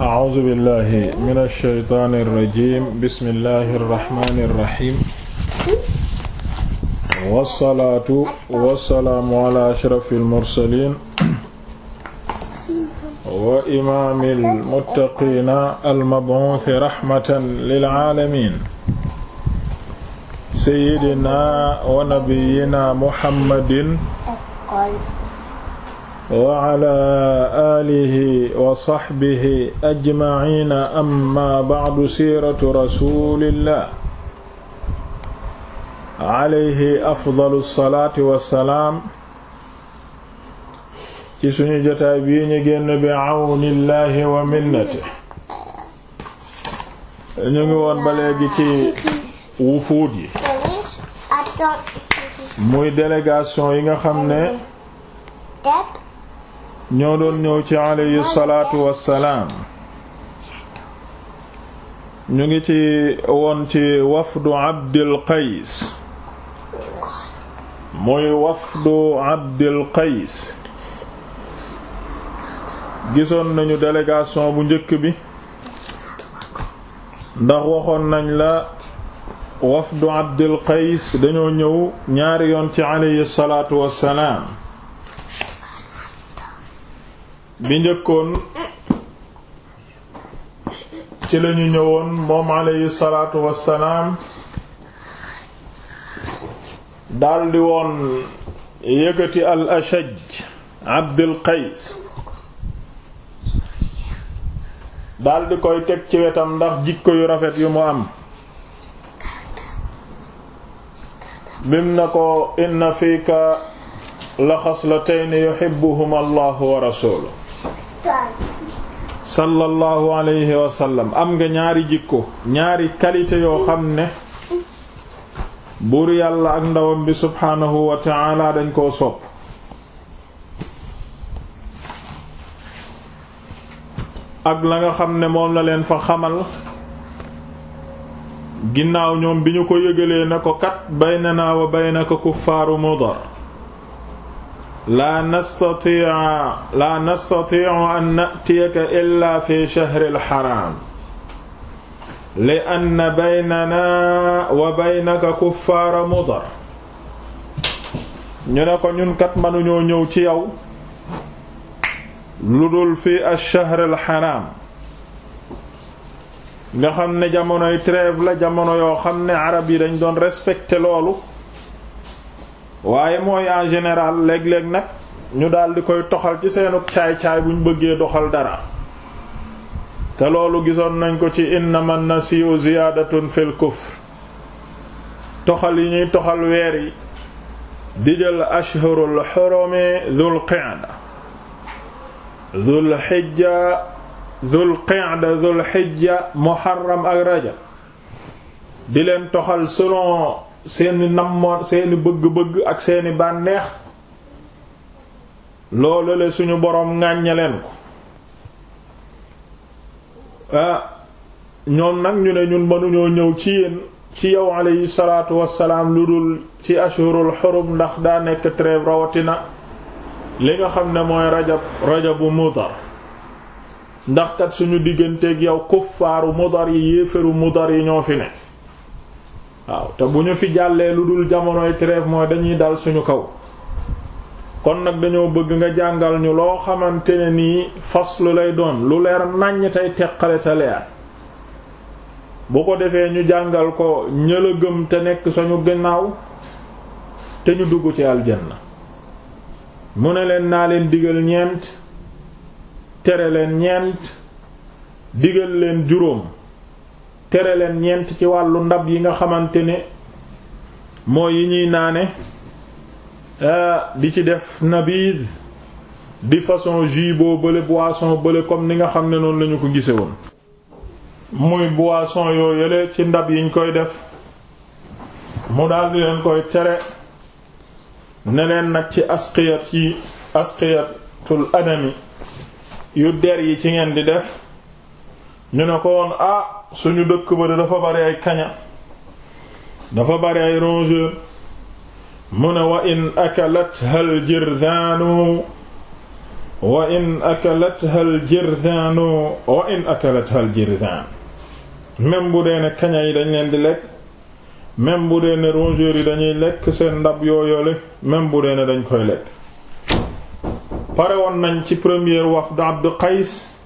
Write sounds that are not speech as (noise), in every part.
a'uuzu billahi mina shaytaani rajiim bismillahi rahmaani rahiim. wasalaatu wasalaamu ala ashrafil mursaliin. wa imaamil muttaqiina al-mab'uuthi rahmatan lil aalamiin. sayyidinaa wa nabiyyinaa muhammadin. wa ala alihi wa sahbihi ajmaciina amma bacdu siiratu rasulillah alayhi afdalu salaati wa salaam ci suñu jotaay bii ñu génn bi awnillahi wa minnati ñu ngi woon ba léegi ci wufuud yi muy délégation yi nga xam ne ñoo doon ñëw ci alayhi salaatu wassalaam ñu ngi ci woon ci wafdu Abdul Qays muy wafdu Abdul Qays gisoon nañu délégation bu njëkk bi ndax waxoon nañ la wafdu Abdul Qays dañoo ñëw ñaari yoon ci alayhi salaatu wassalaam bi njëkkoon ci lañu ñëwoon moom alayhi salaatu wassalaam daldi woon yëkkati al ashaj abdul qays daldi koy teg ci wetam ndax jikko yu rafet yu mu am bim na ko inna fiika la xaslatayn yuhibbuhuma allahu wa rasuluhu sallallahu alayhi wa am nga ñaari jikko ñaari qualité yoo xam ne buur yàlla ak ndawam bi subhaanahu wa ta'ala dañ koo sopp ak la nga xam ne moom la leen fa xamal ginnaaw ñoom bi ñu ko yëgalee na ko kat baynana wa ko kuffaaru mudar laa nastatia laa nastatiu an natiyaka illa fi chahri alxaram li ann baynana wa baynaka kuffaara mudar ñu ne ko ñun kat mënuñoo ñëw ci yow lu dul fii achahr alxaram nga xam ne jamonoy trêve la jamono yoo xam ne arab yi dañ doon respecté loolu waaye mooy en général léeg-léeg nag ñu daldi koy toxal ci seenu caay-caay bu ñu bëggee doxal dara te loolu gisoon nañ ko ci innama nasiu ziyaadatun fil kufr toxal yi ñuy toxal weer yi di jël ashhurul xorome dhul qa'da dhul hijja dhul qa'da dhul hijja muharram ak rajab di leen toxal selon seeni nammoon seeni bëgg-bëgg ak seeni bànneex loolu le suñu boroom ŋàññe leen ko ah, ñoom nag ñu ne ñun mënuñoo ñëw ci yéen ci yow alayhi salaatu wassalaam lu dul ci ashurul xurum ndax daa nekk trêve rawatina li nga xam ne mooy rajab rajabu mudar ndax kat suñu digganteeg yow kuffaaru mudar yi yéeféru mudar yi ñoo fi ne waaw te bu ñu fi jàllee lu dul jamonoy trêve mooy dañuy dal suñu kaw kon nag dañoo bëgg nga jàngal ñu loo xamante ne nii faslu lay doon lu leer nàññ tey teqale te leer bu ko defee ñu jàngal ko ñëla gëm te nekk suñu ginnaaw te ñu dugg ci aljanna mu ne leen naa leen digal ñeent tere leen ñeent digal leen juróom tere leen ñeent ci wàllu ndab yi nga xamante ne mooy yi ñuy naane euh, di ci def nabiid di façon jus boo bële boisson bële comme ni nga xam ne noonu lañu ko gise woon muy boisson yoo yële ci ndab yiñ koy def mu daldi leen koy tere ne leen nag ci asqiyat yi asqiyatul adami yu der yi ci ngeen di def ñu ne ko woon ah suñu dëkk ba de dafa bari ay kaña dafa bari ay rongeur mu ne wa in akalatha al jirdaanu wa in akalatha al jirdaanu même bu dee ne kaña yi dañ leen di lekk même bu dee ne rongeurs yi dañuy lekk seen ndab yooyole même bu dee ne dañ koy lekk pare nañ ci premier wafd Abd Qays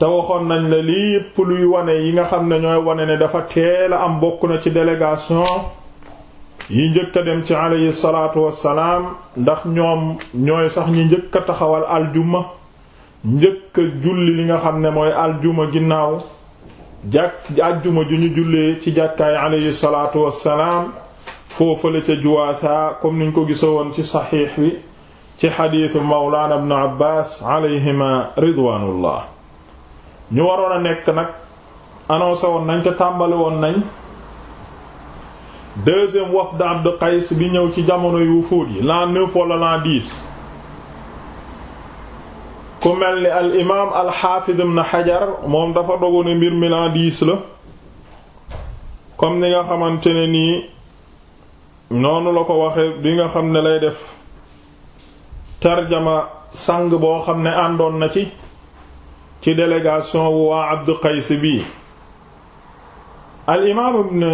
te waxoon nañ la lii yépp luy wane yi nga xam ne ñooy wane ne dafa teel a am bokk na ci délégation yi njëkk a dem ci alayhi salaatu wassalaam ndax ñoom ñooy sax ñi njëkk taxawal aljuma njëkk a julli li nga xam ne mooy aljuma ginnaaw jàkk aljuma ju ñu jullee ci jàkkaay alayhi salaatu wassalaam foofale ca juwaasa comme niñ ko woon ci saxiix bi ci xadiisu mawlaana ibnu abbaas alayhima ridwaanullah ñu waroon a nekk nag annoncé woon nañ te tàmbali woon nañ deuxième wafd Abd Qays bi ñëw ci jamono yu fóot yi l'an neuf wala l'an dix ku mel ni al imaam al xaafid ibn Hajar moom dafa dogu ne mbir mi l'an dix la comme ni xamante ne nii noonu la ko waxe bi nga xam ne lay def tarjama sàng boo xam ne àndoon na ci ci délégation wu waa Abdu bi al imaam ibn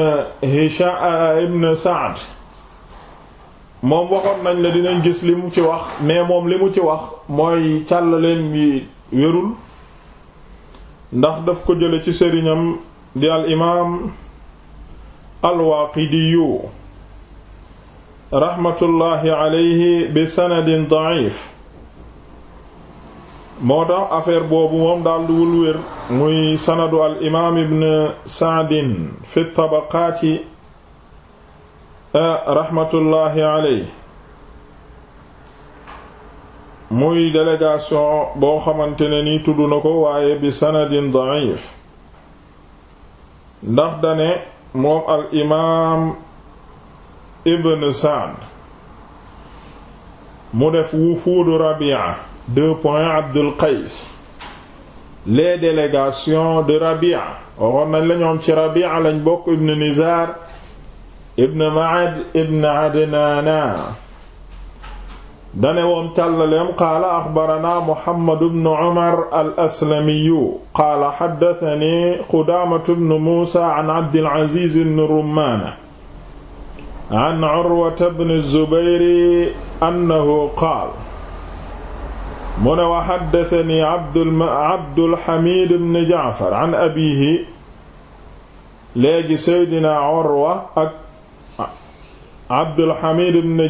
Hishaam euh, ibn Saad moom waxoon nañ la dinañ gis li mu ci wax mais moom li mu ci wax mooy càllaleen bi wérul ndax daf ko jële ci sëriñam di al imaam al Waaqidiyu raxmatullaahi alayhi bi sanadin da'if moo tax affaire boobu moom daal duwul muy sanadu al ibn saadin fi tabaqaati rahmatullahi aley muy délégation boo xamante ne ni tudd na ko waaye bi sanadin da'if ndax dane moom al ibn saad mu def wufuudu rabi'a deux points Abdul Qais les délégations de Rabia waxoon nañ la ñoom ci Rabia lañ bokk ibn Nizar ibn Ma'ad ibn Adnana dane woon càllaleem qaala axbarana Muhammadu bnu Umar al-Aslamiyu qaala xaddatani Qudaamatu bnu Muusa an Abdil Aziz bnu Rummaana an Urwata bnu Zubayri annahu qaala mu ne wa xaddasani abdulxamid bn jaafar an abihi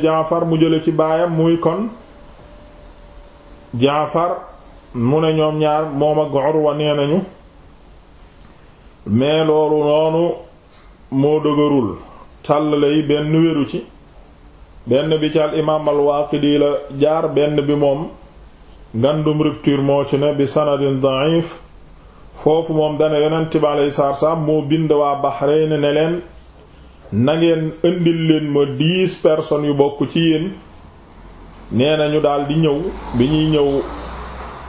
jaafar mu jële ci baayam muy kon jaafar mu ne ñoom ñaar moom ak orwa nee nañu mais loolu noonu moo dëgërul tàllale yi benn wéru ci benn bi ci al imaam al la jaar benn bi moom ngandum rupture moo bi sanadin da'if foofu moom dane yonent bi alayhi salaatu salaam bind waa Bahrayn ne leen na ngeen indil leen yu bokk ci yéen nee na ñu daal ñëw bi ñuy ñëw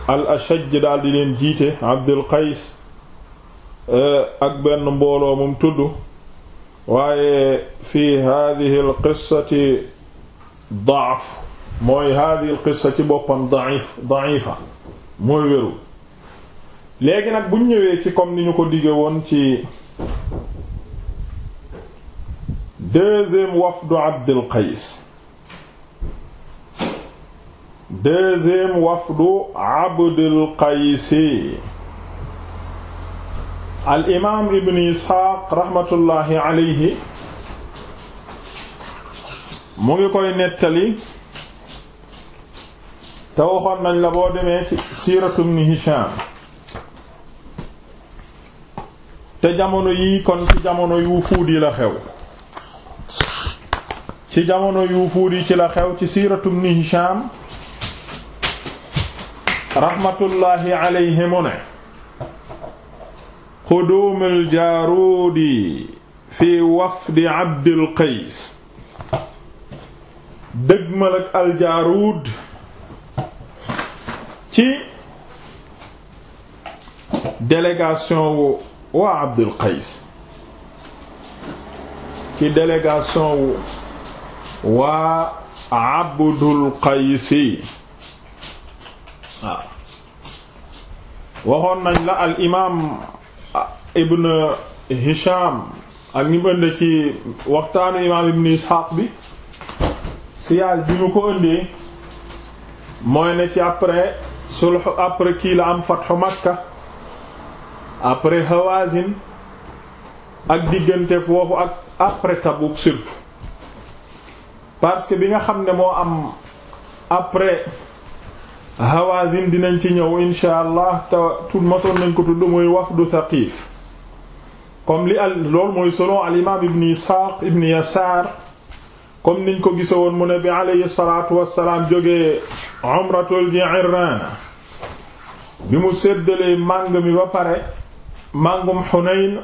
al ashaj daal di leen jiite Abdul Qays eh, ak benn mbooloo mum tudd waaye fi hadhihi qissati da'f mooy hadihi al ci boppam da'if da'ifa mooy wéru léegi nag buñ ñëwee ci comme ni ñu ko dige woon ci deuxième wafdu Abdul Qays deuxième wafdu Abdul Qays al imaam ibn Isxaaq raxmatullaahi alayhi mu ngi koy nettali te waxoon nañ la boo demee ci siiratu ibn Hisham te jamono yii kon ci jamono yu wufuud la xew ci jamono yu wufuud yi ci la xew ci siiratu ibn Hisham raxmatullaahi alayhi mu ne xuduum aljaarudi fi wafdi abdil qays dëgmal ak aljaarud ci délégation wu waa Abdul Qays ci délégation wu waa Abdul Qaysi waaw waxoon nañ la al imaam Ibn Hisham ak ni mu ci waxtaanu imaam Ibn Ishaq bi siyaal bi mu ko ëndee mooy ne ci après. sulh après kii la am fathu Makka après Hawazin ak diggante foofu ak après Tabuk surtout parce que bi nga xam ne moo am après Hawazin dinañ ci ñëw insha allah te tout nañ ko tudd muy du Thaqif comme li al loolu mooy selon al imam ibn Ishaq ibn Yasar comme niñ ko gisa woon mu ne bi alayhi salaatu wassalaam jógee umratul mu seddalee màng mi ba pare màngum Xunayn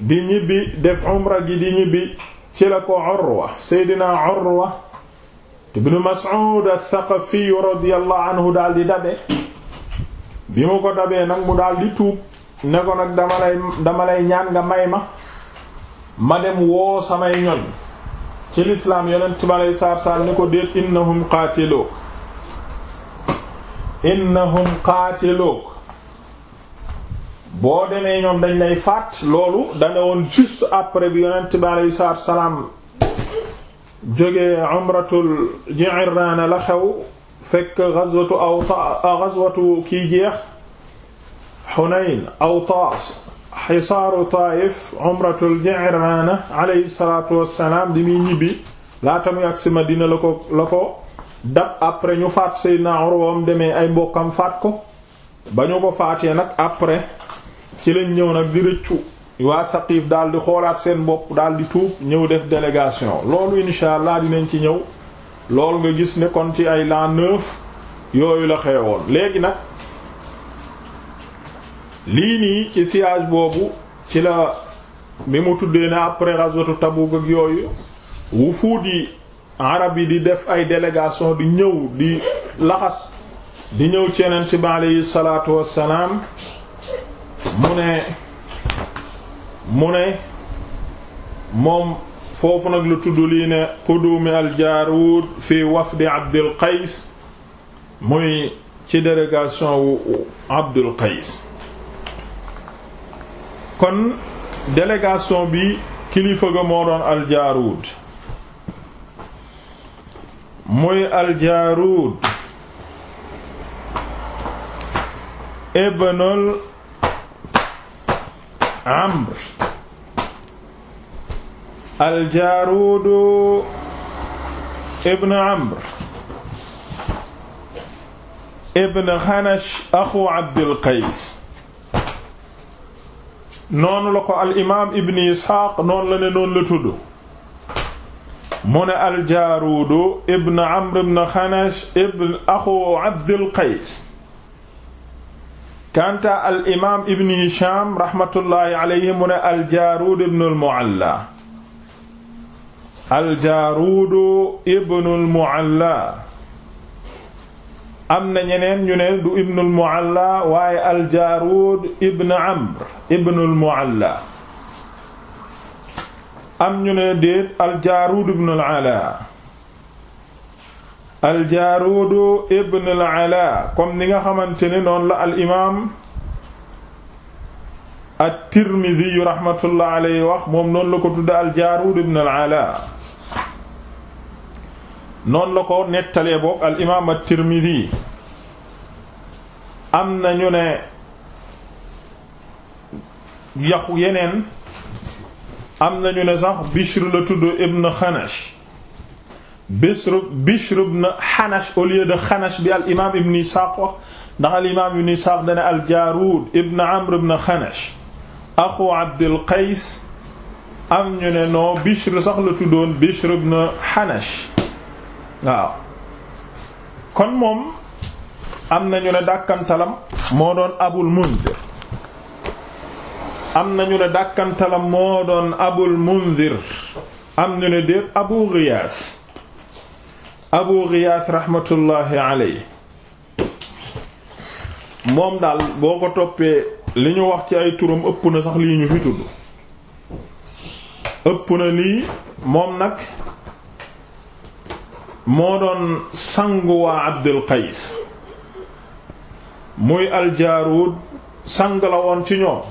di ñibbi def umra gi ci la ko Urwa Seydina Urwa ibnu thaqafi radiyallahu anhu dabe bi mu ko dabee nag mu daal tuub ne ko nag dama lay may ma ma dem woo samay ci lislaam yonent bi aleyhi salaatu ni ko déet innahum qaatiluuk innahum qaatiluuk boo demee ñoom dañ lay faat loolu dane woon juste après bi yonent bi aleyhi salaam joge umratul Ji'irraana la xew fekk ghazwatu Awtaas ghazwatu kii jeex Awtaas xisaaru Taayif umratul Ji'raana alayhi salaatu wassalaam di muy ñibbi laata muy agsi Madina la ko la ko dab après ñu faat sey Urwa mu demee ay mbokkam faat ko ba ñu ko faatee nag après ci lañ ñëw nag di rëccu waa Saqiif daal di xoolaat seen bopp daal di tuub ñëw def délégation loolu insha allah dinañ ci ñëw loolu nga gis ne ci ay l'an neuf yooyu la xewoon léegi nag lii nii ci siyaaj boobu ci la bi mu tuddee ne après ghazwatu Tabuk ak yooyu wufuud yi arab yi di def ay délégation di ñëw di laxas di ñëw ci Yonent bi aleyhi salaatu wassalaam mu ne mu ne moom foofu nag lu tudd lii ne quduumi aljaruud fi wafdi Abdul Qays muy ci délégation wu Abdul Qays kon délégation bi kilifa ga moo doon aljaarud muy aljaarud ibnul ibn amr ibn xanash axu abdul qays noonu la ko al imaam ibn isxaaq noonu la ne noonu la tudd mu ne aljaaruudu ibn amr xanash ibn axu abdul qays al imaam ibn hisham raxmatullaahi alayhi mu ne aljaaruud ibn al mu'alla aljaaruudu ibn al mu'alla am na ñeneen ñu ne du ibnul mualla waaye aljaruud ibn amr ibnul mualla am ñu ne déet aljaruud ibnul ala aljaruud ibnul ala comme ni nga xamante ne noonu la al imaam at-tirmidhi rahmatullah alayhi wax moom noonu la ko tudde aljaruud ibnul ala noonu la ko nettalee boog al imaam at-Tirmidhi am na ñu ne yaqu yeneen am na ñu ne sax Bishr la tudd ibn Xanash Bishr Bishr ibn Xanash au bi al imaam ibn Isaaq wax ndax al imaam ibn Isaaq dana al Jaaruud ibn Amr ibn Xanash axu Abdul Qays am ñu ne non Bishr sax la tuddoon Bishr ibn Xanash waaw kon moom am na ñu ne dàkkantalam moo doon abul munzir am na ñu ne dàkkantalam moo doon abul munzir am ñu ne déet abu ghiyaas abu ghiyaas raxmatullaahi alayhi moom daal boo ko toppee li ñu wax ci ay turam ëpp na sax lii ñu fi tudd ëpp na lii moom nag moo doon sangu waa Abdul Qays muy aljaarud sang la woon ci ñoom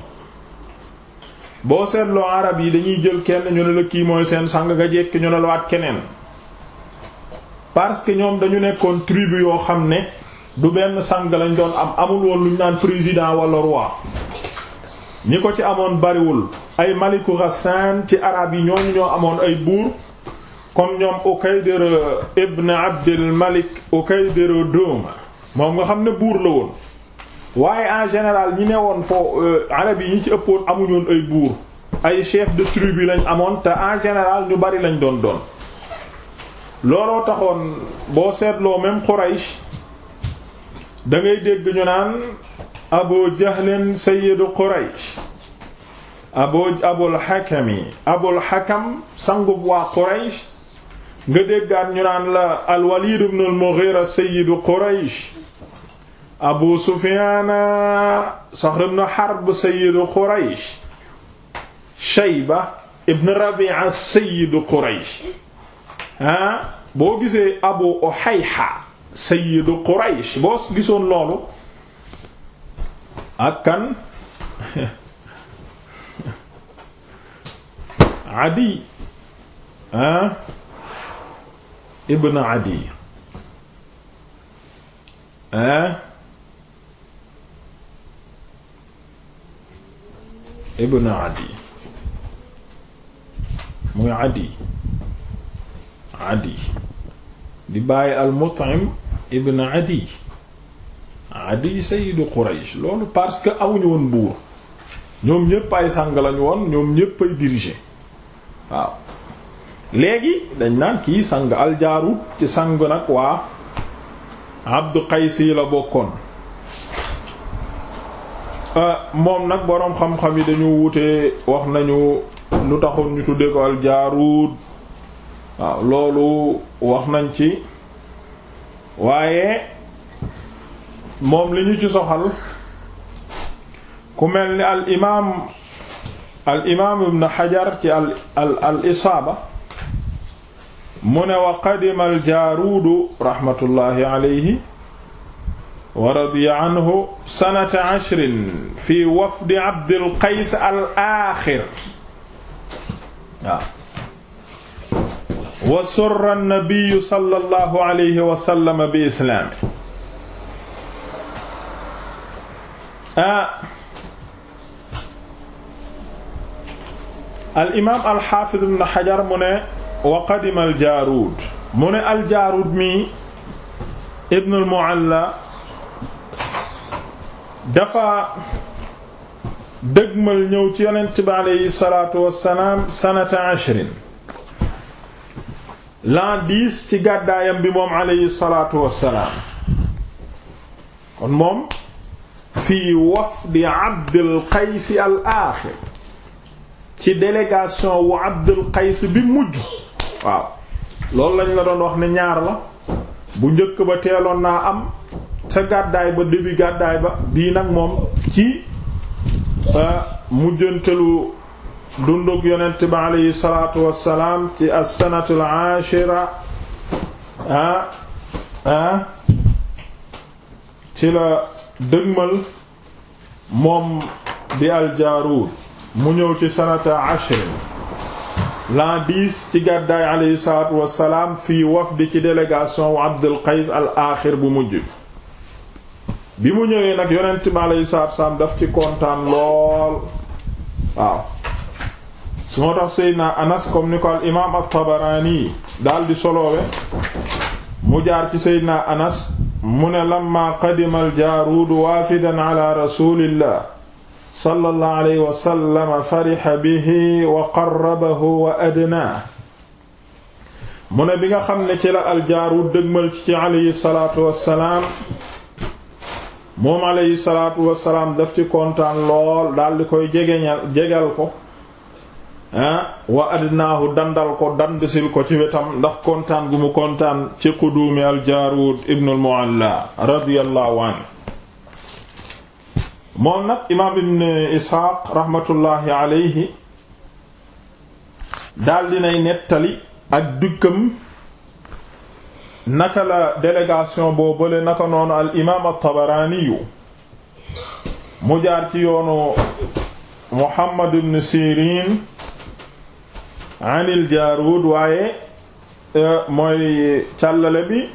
boo seetloo arab yi dañuy jël kenn ñu ne la kii mooy seen sang nga jekki ñu ne la waat keneen parce que ñoom dañu nekkoon tribu yoo xam ne du benn sang lañ doon am amul woon luñ naan président wala roi ñi ko ci amoon bariwul ay maliku Ghassan ci arab yi ñooñu ñoo amoon ay buur comme ñoom Ukaydir ibn Abdul Malik Ukaydir Duma moom nga xam ne buur la woon waaye en général ñi ne woon foo euh, arab yi ñi ci ëppoon amuñoon ay buur ay chef de tribu lañ amoon te en général ñu bari lañ doon doon looloo taxoon boo seetloo même Quraysh dangay ngay dégg ñu naan Abu Jahlin sayyidu Quraysh Abu Abul Hakami Abul Hakam sangub waa Quraysh nga déggaat ñu naan la al-Walid ibn al-Mughira sayyidu Quraysh Abu Sufyan Saxr ibn Harb sayyidu Quraysh boo gisee Abu Uhayha sayyidu Quraysh boo gisoon loolu ak (laughs) Adi ah ibn Adi hein eh? ibn Adi muy Adi Adi di bàyyi al-Mut'im ibn Adi Adi sayyidu Quraysh loolu parce que amuñu woon buur ñoom ñépp ay sang lañu woon ñoom ñépp ay diriger waaw léegi dañ naan kii sang aljaarut ci sang nag waa Abdu Qays la bokkoon euh, moom nag boroom xam-xam yi dañu wute wax nañu lu taxoon ñu tuddee ko aljaarut waaw loolu wax nañ ci waaye moom li ñu ci soxal ku mel ni al imaam al imaam ibn Hajar ci al al al isaaba mu ne wa qadima aljaaruudu raxmatullahi alayhi wa radiya anhu sanata ashrin fi wafdi abdul qays al aaxir waaw wa surra nabiyu sallallahu alayhi wa sallam bi islaami ah al imaam al xaafid ibn xajar mu ne wa qadima aljaarud mu ne aljaarud mi ibn al mualla dafa dëgmal ñëw ci yonent bi aleyhi salaatu wassalaam sanata ashrin l'an dix ci gàddaayam bi moom aleyhi salaatu wassalaam kon moom fii wafdi Abdul Qays al aaxir ci délégation wu Abdul Qays bi mujj waaw loolu lañ la doon wax ne ñaar la bu njëkk ba teeloon naa am sa gàddaay ba début gàddaay ba bii nag moom ci euh, mujjantalu dundug yonent ba aleyhi salaatu wassalaam ci as-sanatu al-ashira ah, ah, ci la dëgmal moom di al mu ñëw ci sanata ashrin l'an 10 ci gàddaay aleyhi salaatu wassalaam fii wafdi ci délégation wu Abdul Qays al aaxir bu mujj bi mu ñëwee nag yonent bi daf ci kontaan lool waaw su moo tax Seydina Anas comme ni ko al imaam at-Tabaraani daal soloowe mu jaar ci Seydina Anas mu ne lamma qadima al jaaruud waafidan ala rasulillah sallallahu alayhi wa sallam farixa bihi wa qarrabahu wa adnaa mu ne bi nga xam ne ci la aljaaru dëgmal ci ci alayhi salaatu wassalaam moom alayhi salaatu wassalaam daf ci kontaan lool daldi koy jegeñal jegal ko ah wa adnaahu dandal ko dandisil ko ci wetam ndax kontaan gu mu kontaan ci quduumi aljaarud ibnu almualla radiyallahu anhu moom nag imaam ibn isxaaq raxmatullaahi aleyhi daldi nay nettali ak dukkam naka la délégation boo bële naka noonu al imaam at-Tabaraaniyu mu jaar ci yoonu Muhammad ibn Sirin anil Jaarud waaye euh, mooy càllale bi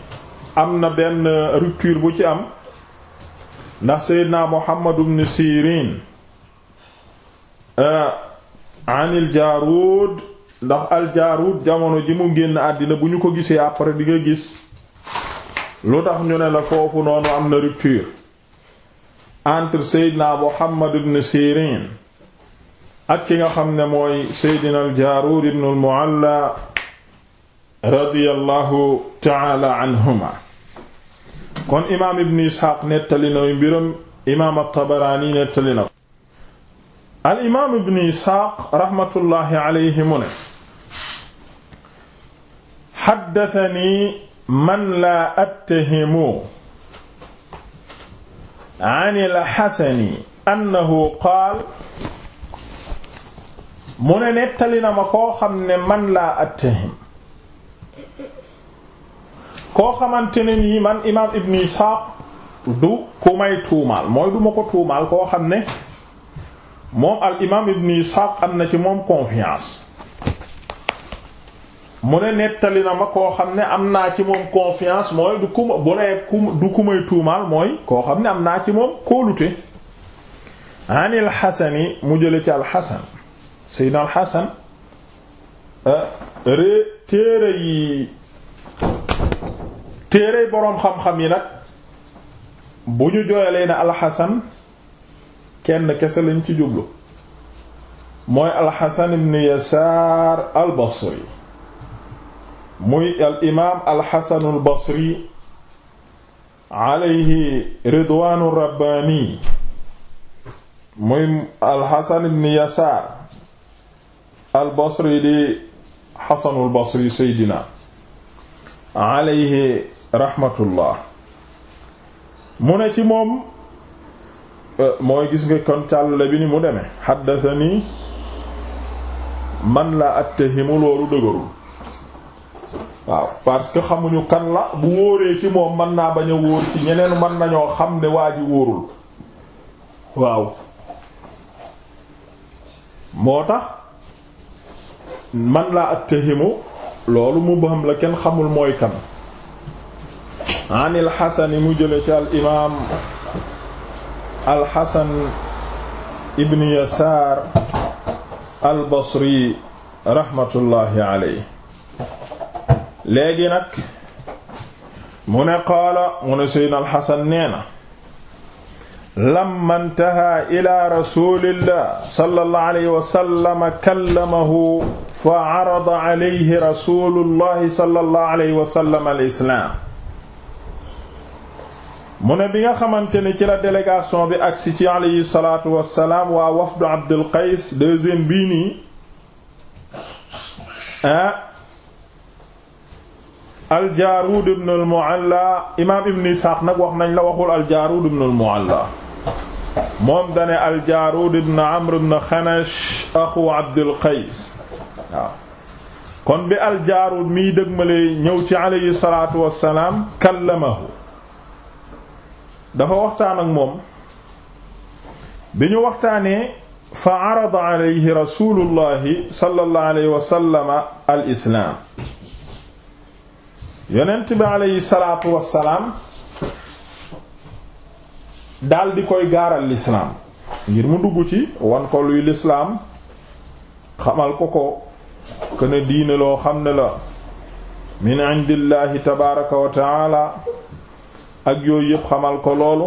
am na benn rupture bu ci am ndax seydna Muhammad ibn Sirin euh, anil Jaarud ndax al Jaarud jamono ji mu génn àddina bu ñu ko gisee après di nga gis lu tax ñu ne la foofu noonu am na rupture entre seydna Muhammad ibn Sirin ak ki nga xam ne mooy seydina al Jaarud ibn al Mualla radiyallahu ta'ala anhuma kon imaam ibn isxaaq nettali na mbiram imaam at-Tabaraani nettali na al imaam ibn isxaaq raxmatullaahi alayhi mu ne xaddatani man laa attahimu an al-Xasani annahu qaal mu ne nettali na ma koo xam ne man laa attahim koo xamante ne nii man imaam Ibn Ishaq du ku may tuumaal mooy du ko tuumaal koo xam ne moom al imaam Ibn Ishaq am na ci moom confiance mu ne nettali na ma koo xam ne am naa ci moom confiance mooy du ku ma bu nee du ku may tuumaal mooy koo xam ne am naa ci moom kóolute anil xasani mu jële ci alxasan seydna alxasan euh, téere yi téere boroom xam-xam yi na bu ñu jooyalee ne alxasan kenn kese lañ ci jublu mooy alxasan ibn yasaar albasri muy al imaam alxasanu albasri alayhi ridwaanu rabbaani muy alxasan ibn yasaar albasri di xasanul basri seydina alayhi rahmatullah mu ne ci moom euh, mooy gis nga kon càllale bi ni mu demee xaddatani man la attahimu loolu dëgërul waaw parce que xamuñu kan la bu wóoree ci moom mën naa bañ a wóor ci ñeneen mën nañoo xam ne waa ji wóorul waaw moo tax man laa la attahimu loolu mubham la kenn xamul mooy kan an alxasani mu jële ci al imaam alxasan ibn yasaar al basri raxmatullaahi aley léegi nag mu ne qaala mu ne seydna alxasan nee na lamma ntaha ila rasulillah sallallahu alayhi wa sallam kallamahu fa arada alayhi rasulullahi sallallahu alayhi wa sallam al islaam mu ne bi nga xamante ne ci la délégation bi agsi ci alayhi salaatu wassalaam waa wafdu Abdul Qays deuxième bii nii ah Al Jaaruud ibn al Mu'alla imaam Ibn Isxaaq nag wax nañ la waxul Al Jaaruud ibn al Mu'alla moom dane aljaarud ibn amr ibn xanash axu abdul qays kon bi aljaarud miy dëgmale ñëw ci aleyhi salaatu wassalaam kallamahu dafa waxtaan ak moom bi ñu waxtaanee fa arada alayhi rasulullahi sallallahu alayhi wa sallama al daal koy gaaral lislaam ngir mu dugg ci wan ko luy lislaam xamal ko ko kene diine loo xam ne la min indillahi tabaraka wa taala ak yooyu yépp xamal ko loolu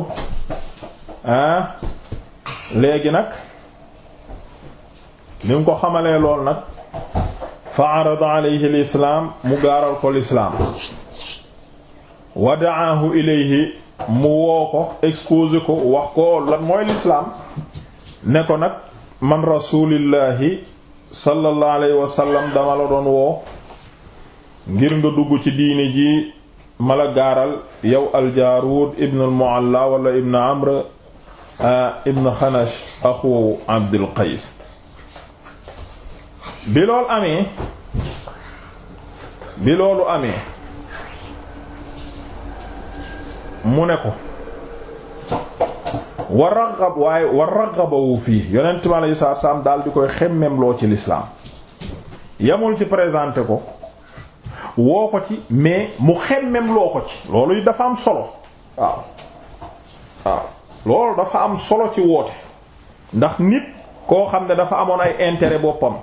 léegi nag ni mu ko xamalee lool nag fa arada alayhi lislaam mu gaaral ko lislaam wa da'ahu ilayhi mu woo ko exposé ko wax ko lan mooy lislaam ne ko nag man rasulillahi sallallahu alayhi wa sallam dama la doon woo ngir nga dugg ci diini ji ma la gaaral yow aljaarud ibn almualla wala ibn amr eh, ibn xanash axu abdul qays bi loolu amee mu ne ko wa raghab waaye wa raghabahu fii yonent mi alayhi salaatu salaam daal di koy xemmem loo ci lislaam yamul ci présenté ko woo ko ci mais mu xemmem loo ko ci loolu dafa am solo waaw loolu dafa am solo ci woote ndax nit koo xam ne dafa amoon ay intérêt boppam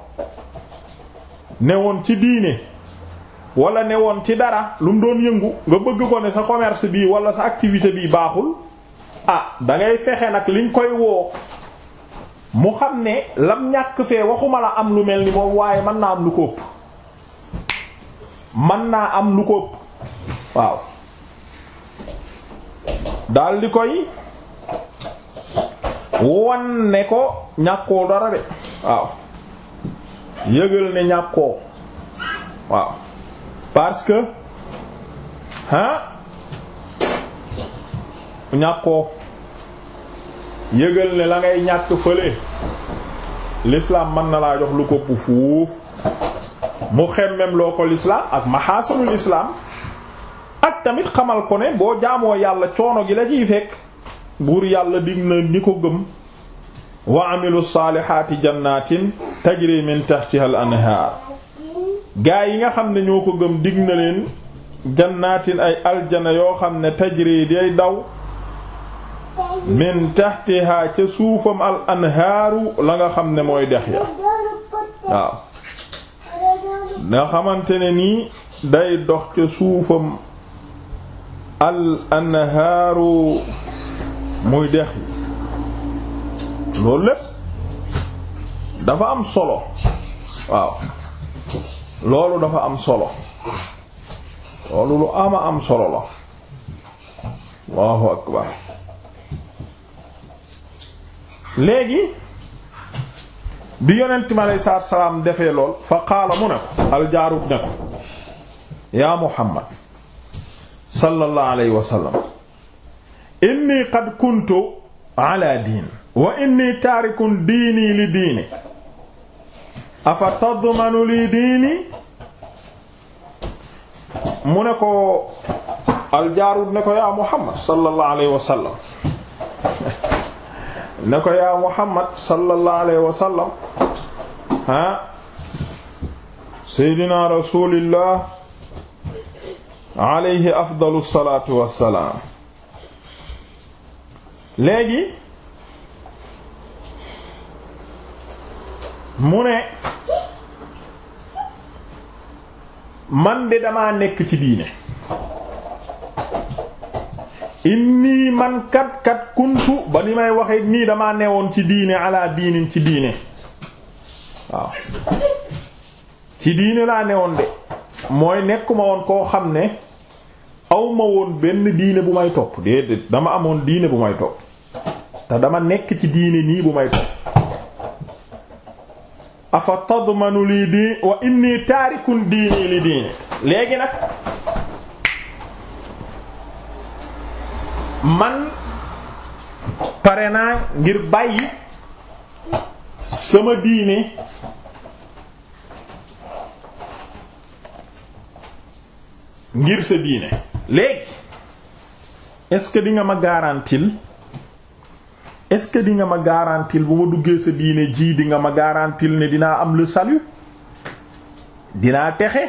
ne woon ci diine wala ne woon ci dara lu mu doon yëngu nga bëgg ko ne sa commerce bi wala sa activité bi baaxul ah da fexe nag liñ koy woo mu xam ne lam ñàkk fee waxuma la am lu mel ni moom waaye mën naa am lu ko ëpp mën naa am lu ko ëpp waaw daal koy won ne ko ñàkkoo dara de waaw yëgal ne ñàkkoo waaw parce que ah ñàkkoo yëgal ne la ngay ñàkk fële l'islam mën na laa jox lu ko fuuf mu xemmem loo ko l'islam ak maxaasinul lislaam ak tamit xamal ko ne boo jaamoo yàlla coono gi la ciy fekk buur yàlla dig na ñi ko gëm wa amilu saalihaati jannatin tajri min tahtiha al anhaar gaa yi nga xam ne ñoo ko gëm digg na leen jannaatin ay aljana yoo xam ne tajri day daw min tahtiha ca suufam al anhaaru la nga xam ne mooy dex ya waaw nga xamante ne nii day dox ca suufam al anhaaru muy dex loolu lépp dafa am solo waaw loolu dafa am solo loolu lu ama am solo la Allahu akbar léegi bi yonent mi aleyhi salaatu salaam defee lool fa qaala mu ne ko aljaarut ne ko yaa Muhammad sallallahu alayhi wa inni qad kuntu ala diin wa inni taarikun diini afa tadmanu lii diini mu ne ko aljaarud ne ko yaa muhammad sallallahu alayhi wa sallam (laughs) ne ko yaa muhammad sallallahu alayhi wa sallam ah seydina rasulillah alayhi afdalu salaatu wassalaam léegi mu ne man de damaa nekk ci diine inni man kat kat kuntu ba ni may waxee nii damaa newoon ci diine ala diinin ci diine waaw ci diine laa newoon de mooy nekkuma woon koo xam ne awma woon benn diine bu may topp de dama amoon diine bu may topp te dama nekk ci diine nii bu may topp afa tadmanu lii diin wa inni taarikun diini li diini léegi nag man pare naa ngir bàyyi sama diine ngir sa diine léegi est-ce que di nga ma garantil est-ce que di nga ma garantil bu ma duggee sa diine jii di ma garantil ne dinaa am le salut dinaa texe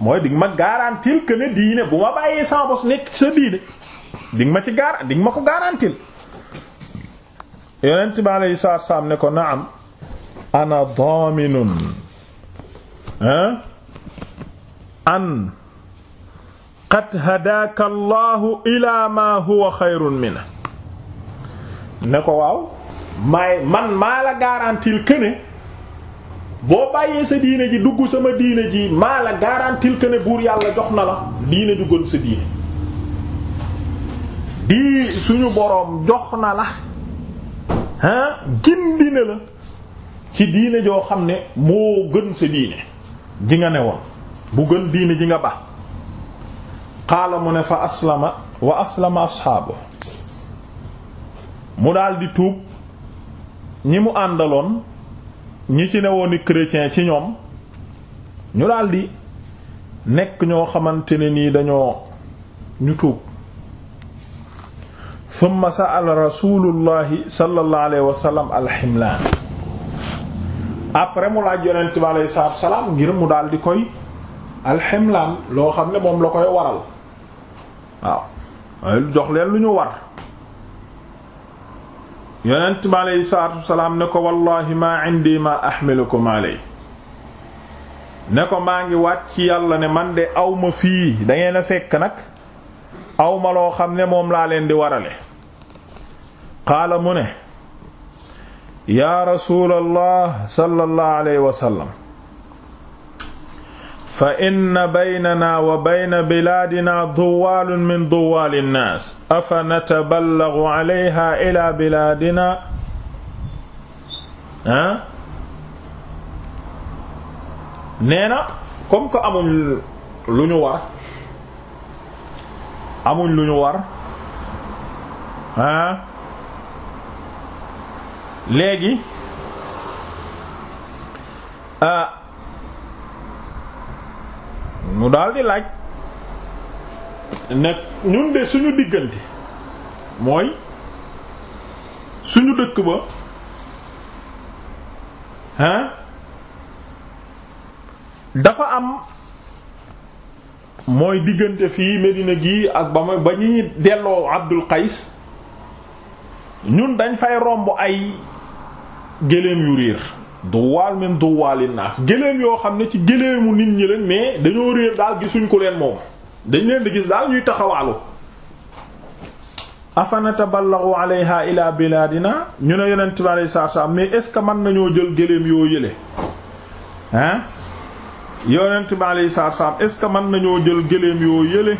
mooy di nga ma garantil que ne diine bu ma bàyyee sa bos nekk sa diine di ma ci gaar ne ko naam ana daminun an qad hadaaka allahu ila ma huwa xayrun minhu ne ko waaw may man maa la garantil que boo bàyyee sa diine ji dugg sama diine ji maa la garantil que buur yàlla jox na la diine ju gën sa diine di suñu boroom jox na la ah gindi la ci diine joo xam ne moo gën sa diine ji nga ne woon bu gën diine ji nga ba xaala mu ne fa aslama wa aslama asxaabu mu daldi tuub ñi mu àndaloon ñi ci newooni chrétien ci ñoom ñu daldi nekk ñoo xamante ne nii dañoo ñu tuub summa sa'ala rasulullahi sallallahu alayhi wa sallam alximlaan après mu laaj yonent bi alayhi salaatu salaam ngir mu daldi koy alximlaan loo xam ne moom la koy waral waaw jox leen lu ñu war yonent bi aleyhi salaatu wasalaam ne ko wallahi maa indi maa ahmilukum aley ne ko maa ngi wàcc ci yàlla ne man de awma fii dangeen a fekk nag awma loo xam ne moom laa leen di warale qaala mu ne yaa rasuulallah sallallahu alayhi wa sallam fa inna baynana wa bayna bilaadina duwaalun min duwaali nnaas afa nataballagu alayha ila bilaadina ah nee na comme que amuñ lu ñu war amuñ lu ñu war ah léegi ah mu daal di laaj nekk ñun de suñu diggante mooy suñu dëkk ba hein dafa am mooy diggante fii Medina gi ak ba ma ba ñuy delloo Abdul Qais ñun dañ fay romb ay gëléem yu riir duwaal min duwaali naas géléem yoo xam ne ci géléemu nit ñi leen mais dañoo réer daal gisuñ ko leen moom dañ leen di gis daal ñuy taxawaalu afanataballagu alayha ila dina ñu ne yonent bi alayhi salaatu salaam mais est-ce que mën nañoo jël géléem yoo yële hein yonent bi alayhi est-ce que mën nañoo jël géléem yoo yële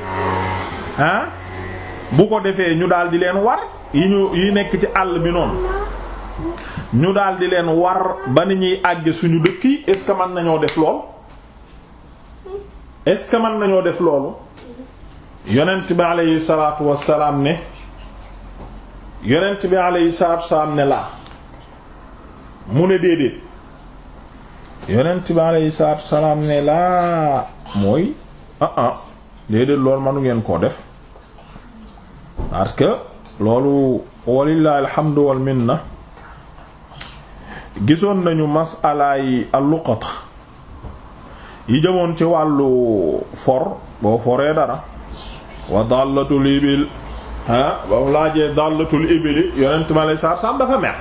bu ko defee ñu daal di leen war yi ñu yi nekk ci àll bi noonu ñu daal di leen war ba ni ñuy àgg suñu dëkk yi est-ce que nañoo def lool est-ce que nañoo def loolu yonent bi aleyhi salaatu wassalaam ne yonent bi aleyhi salaatu wassalaam ne laa mu ne déedéet yonent bi aleyhi salaatu ne laa mooy ah, ah, déedéet loolu manu ngeen koo def parce que loolu walillahi alhamdu wal minna gisoon nañu masalaay alluqata yi jëmoon ci wàllu for boo foree dara wa dallatul ibil ah ba mu laajee dallatul ibili yonent ma lay saar saam dafa mer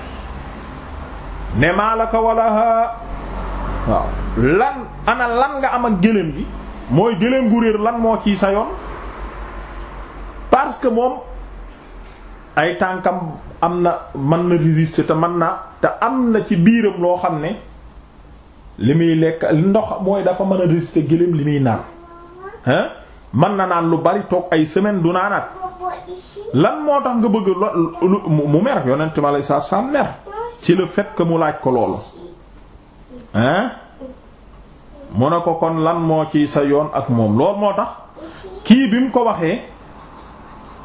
ne maalaka walaha waaw lan ana lan nga am ak gëléem gi mooy gëléem gu réer lan moo ciy sa yoon parce moom ay tànkam am na mën na résister te mën na te am na ci biiram loo xam ne li muy lekk ndox mooy dafa mën a résister gëléem li muy naan hein mën na naan lu bari toog ay semaine du naanaat lan moo tax nga bëgg lu mu mer yonent ma lay ci la fait que mu laaj ko loolu hein mu ne ko kon lan moo ci sa yoon ak moom loolu moo tax kii bi mu ko waxee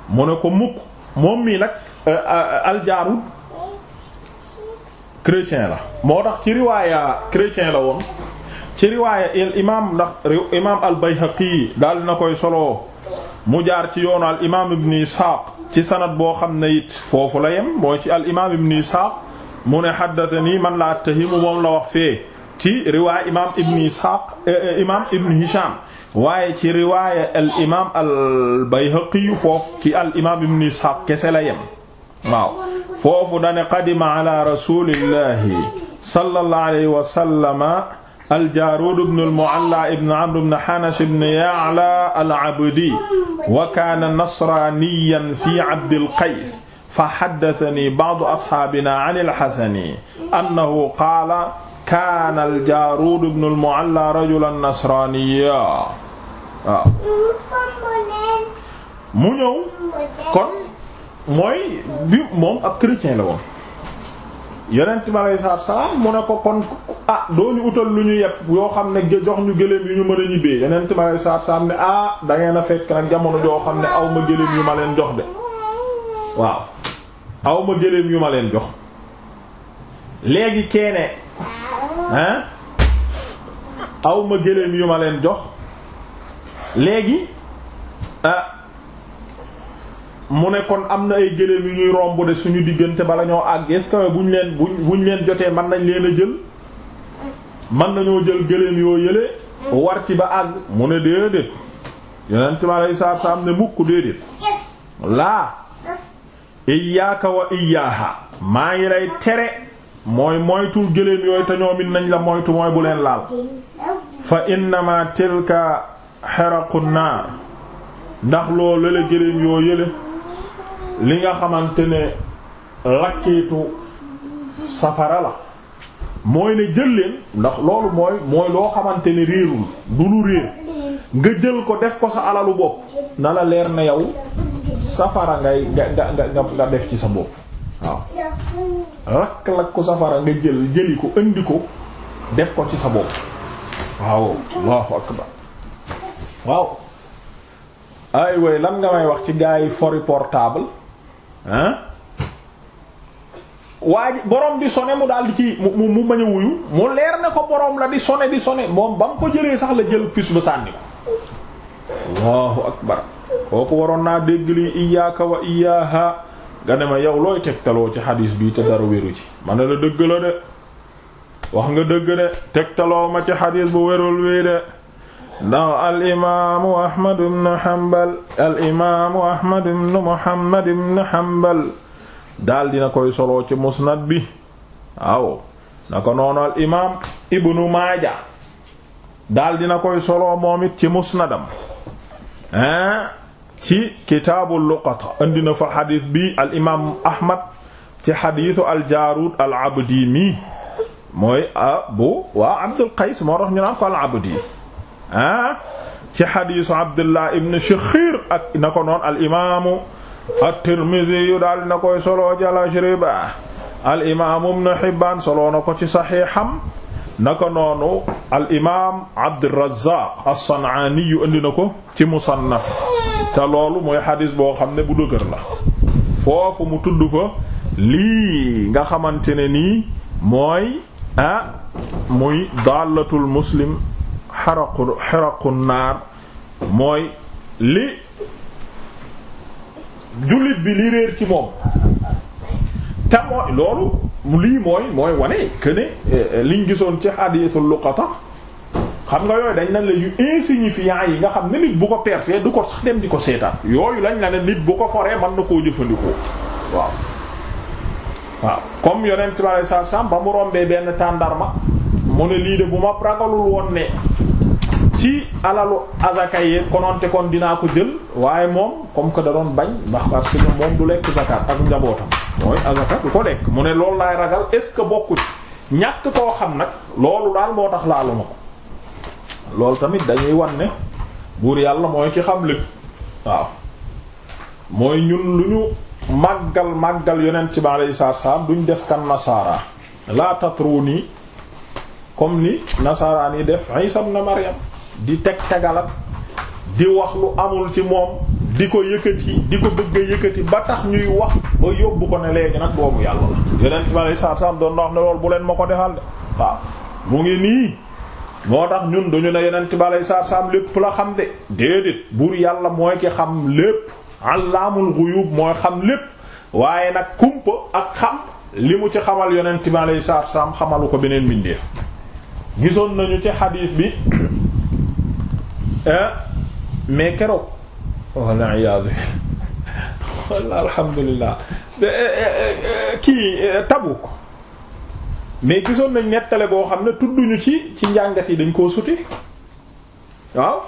mu ne ko mukk moom mii nag euh, euh, aljaarud chrétien la moo tax ci riwaaya chrétien la woon ci riwaaya al imaam ndax imaam al bayhaqi daal na koy solo mu jaar ci yoonu al imaam ibn isxaaq ci sanad boo xam ne it foofu la yem mooy ci al imaam ibn isxaaq mu ne haddathani man la attahimu moom la wax fee ci riwaaya imaam ibn isxaaq euh, imaam ibn hisham waaye ci riwaaya al imaam al bayhaqi foofu ci al imaam ibn ishaq kese la yem waaw foofu dane qadima ala rasulillahi sallallahu alayhi wa sallama al jaaruud ibn al mu'alla ibn amr ibn hanash ibn ya'la al abdi wa kaana nasraaniyan fi abdil qays fa haddathanii ba'du ashaabinaa an al hasani annahu qaala kaana al jaaruud ibn al mu'alla rajulan nasraaniyyan waaw mu ñëw kon mooy bi moom ab chrétien la woon yonent bi aleyhi salaatu salaam mu ne ko kon ah doo ñu utal lu ñu yepp yoo xam ne jox ñu gëléem yu ñu mën a ñibbee yonent bi aleyhi salaatu salaam ne ah da a fekk nag jamono joo xam ne aw ma gëléem yu ma leen jox de waaw awma ma yu ma leen jox léegi keene hein aw ma yu ma leen jox léegi ah, mu ne kon am na ay gëléem yu ñuy romb de suñu diggante bala ñoo àgg est buñ leen buñ buñ leen jotee man nañ leen a jël mën nañoo jël gëléem yoo yële war ci ba àgg mu ne déedéet yonent mi aleyhi salaatu salaam ne mukk déedéet laa iyaaka wa iyaaha maa ngi lay tere mooy moytul gëléem yooyu te ñoom it nañ la moytu mooy bu leen laal fa innama tilka xeraqu naar ndax loo lële gëléem yoo yële li nga xamante ne lakkiitu safara la mooy ne jël leen ndax loolu mooy mooy loo xamante ne réerul du lu réer nga jël ko def ko sa alalu bopp na la leer na yow safara ngay nga nga nga nga def ci sa bopp waaw lakk lakk ko safara nga jël jëli ko indi ko def ko ci sa bopp waaw allahu akbar waaw ay way lan nga may wax ci gaa yi fori portable hein waa ji borom di sone mu daal di ci mu mu bañ a wuyu mu leer ne ko borom la di sone di sone moom ba mu ko jëlee sax la jël puce ba sànni ko allahu akbar kooku waroon naa dégg li iyyaka wa iyyaha nga ne ma yow looy tegtaloo ci xadiis bi te dara wéru ci ma ne la dëgg la de wax nga dëgg de tegtaloo ma ci xadiis bu wérul wii de ndax al'imaamu Ahmad ibn Hanbal al'imaamu Ahmad daal dina koy solo ci musnad bi waaw naka noonu al'imaam Ibnu Maaja daal dina koy solo moomit it ci musnadam ah ci kitaabu luqata indi na fa xadis bi al'imaam Ahmad ci xadisu aljaarud al abdi mi mooy ah bu Abdul Qays moo tax ñu ko al abdi. Ah? ci xadiisu Abdullah ibn Shikhir ak na ko noon al imaamu at-Tirmidhi yu daal na koy soloo jala al imaamu ibn Hibbaan soloo na ko ci saxiixam naka noonu al imaam Abdurrazzaq as-San'aani yu indi na ko ci musannaf te loolu mooy xadis boo xam ne bu dëgër la foofu mu tudd fa lii nga xamante ne nii mooy ah muy daalatul muslim xaraqu xaraqu naar mooy li jullit bi li réer ci moom te mooy loolu lii mooy mooy wane que euh, liñ gisoon ci hadithul luqata xam nga yooyu dañ nañ la yu insignifiant yi nga xam ne nit bu ko pertee du ko sax dem di ko seetaan yooyu lañ la ne nit bu ko foree mën na koo jëfandikoo waaw waaw comme yonent bi sallallahu alayhi wasallam ba mu rombee benn tàndarma mu ne lii de bu ma ragalul woon ne ci alalu azaka yi kononte kon dinaa ko jël waaye moom comme que da doon bañ ndax parce que moom du lekk zakat ak njabootam mooy azaka du ko lekk mu ne lool laay ragal est-ce que bokku ñàkk koo xam nag loolu daal moo tax laalu ma ko loolu tamit dañuy wan ne buur yàlla mooy ki xam lépp waaw mooy ñun lu ñu màggal màggal yonent bi alayhi salaam duñ def kan nasaara laa tatru nii comme ni nasaraan yi def Isa ibn Maryam di teg tagalat di wax lu amul ci moom di ko yëkkati di ko bëgg a yëkkati ba tax ñuy wax ba yóbbu ko ne léegi nag boobu yàlla la yeneen ma saar saam doon na wax ne bu leen ma ko defal de waaw mu ngi nii moo tax ñun duñu ne yeneen balay saar saam lépp la xam de déedéet buur yàlla mooy ki xam lépp allaamul xuyub mooy xam lépp waaye nag kumpa ak xam li mu ci xamal yonent bi alayhi salaatu wa salaam xamalu ko beneen mbindeef gisoon nañu ci xadiis bi ah, mais keroog walla iyaadu walla alhamdulillah eh, eh, eh, kii Tabuk mais gisoon nañ nettale boo xam ne tudduñu ci ci njàngat yi dañ koo suti waaw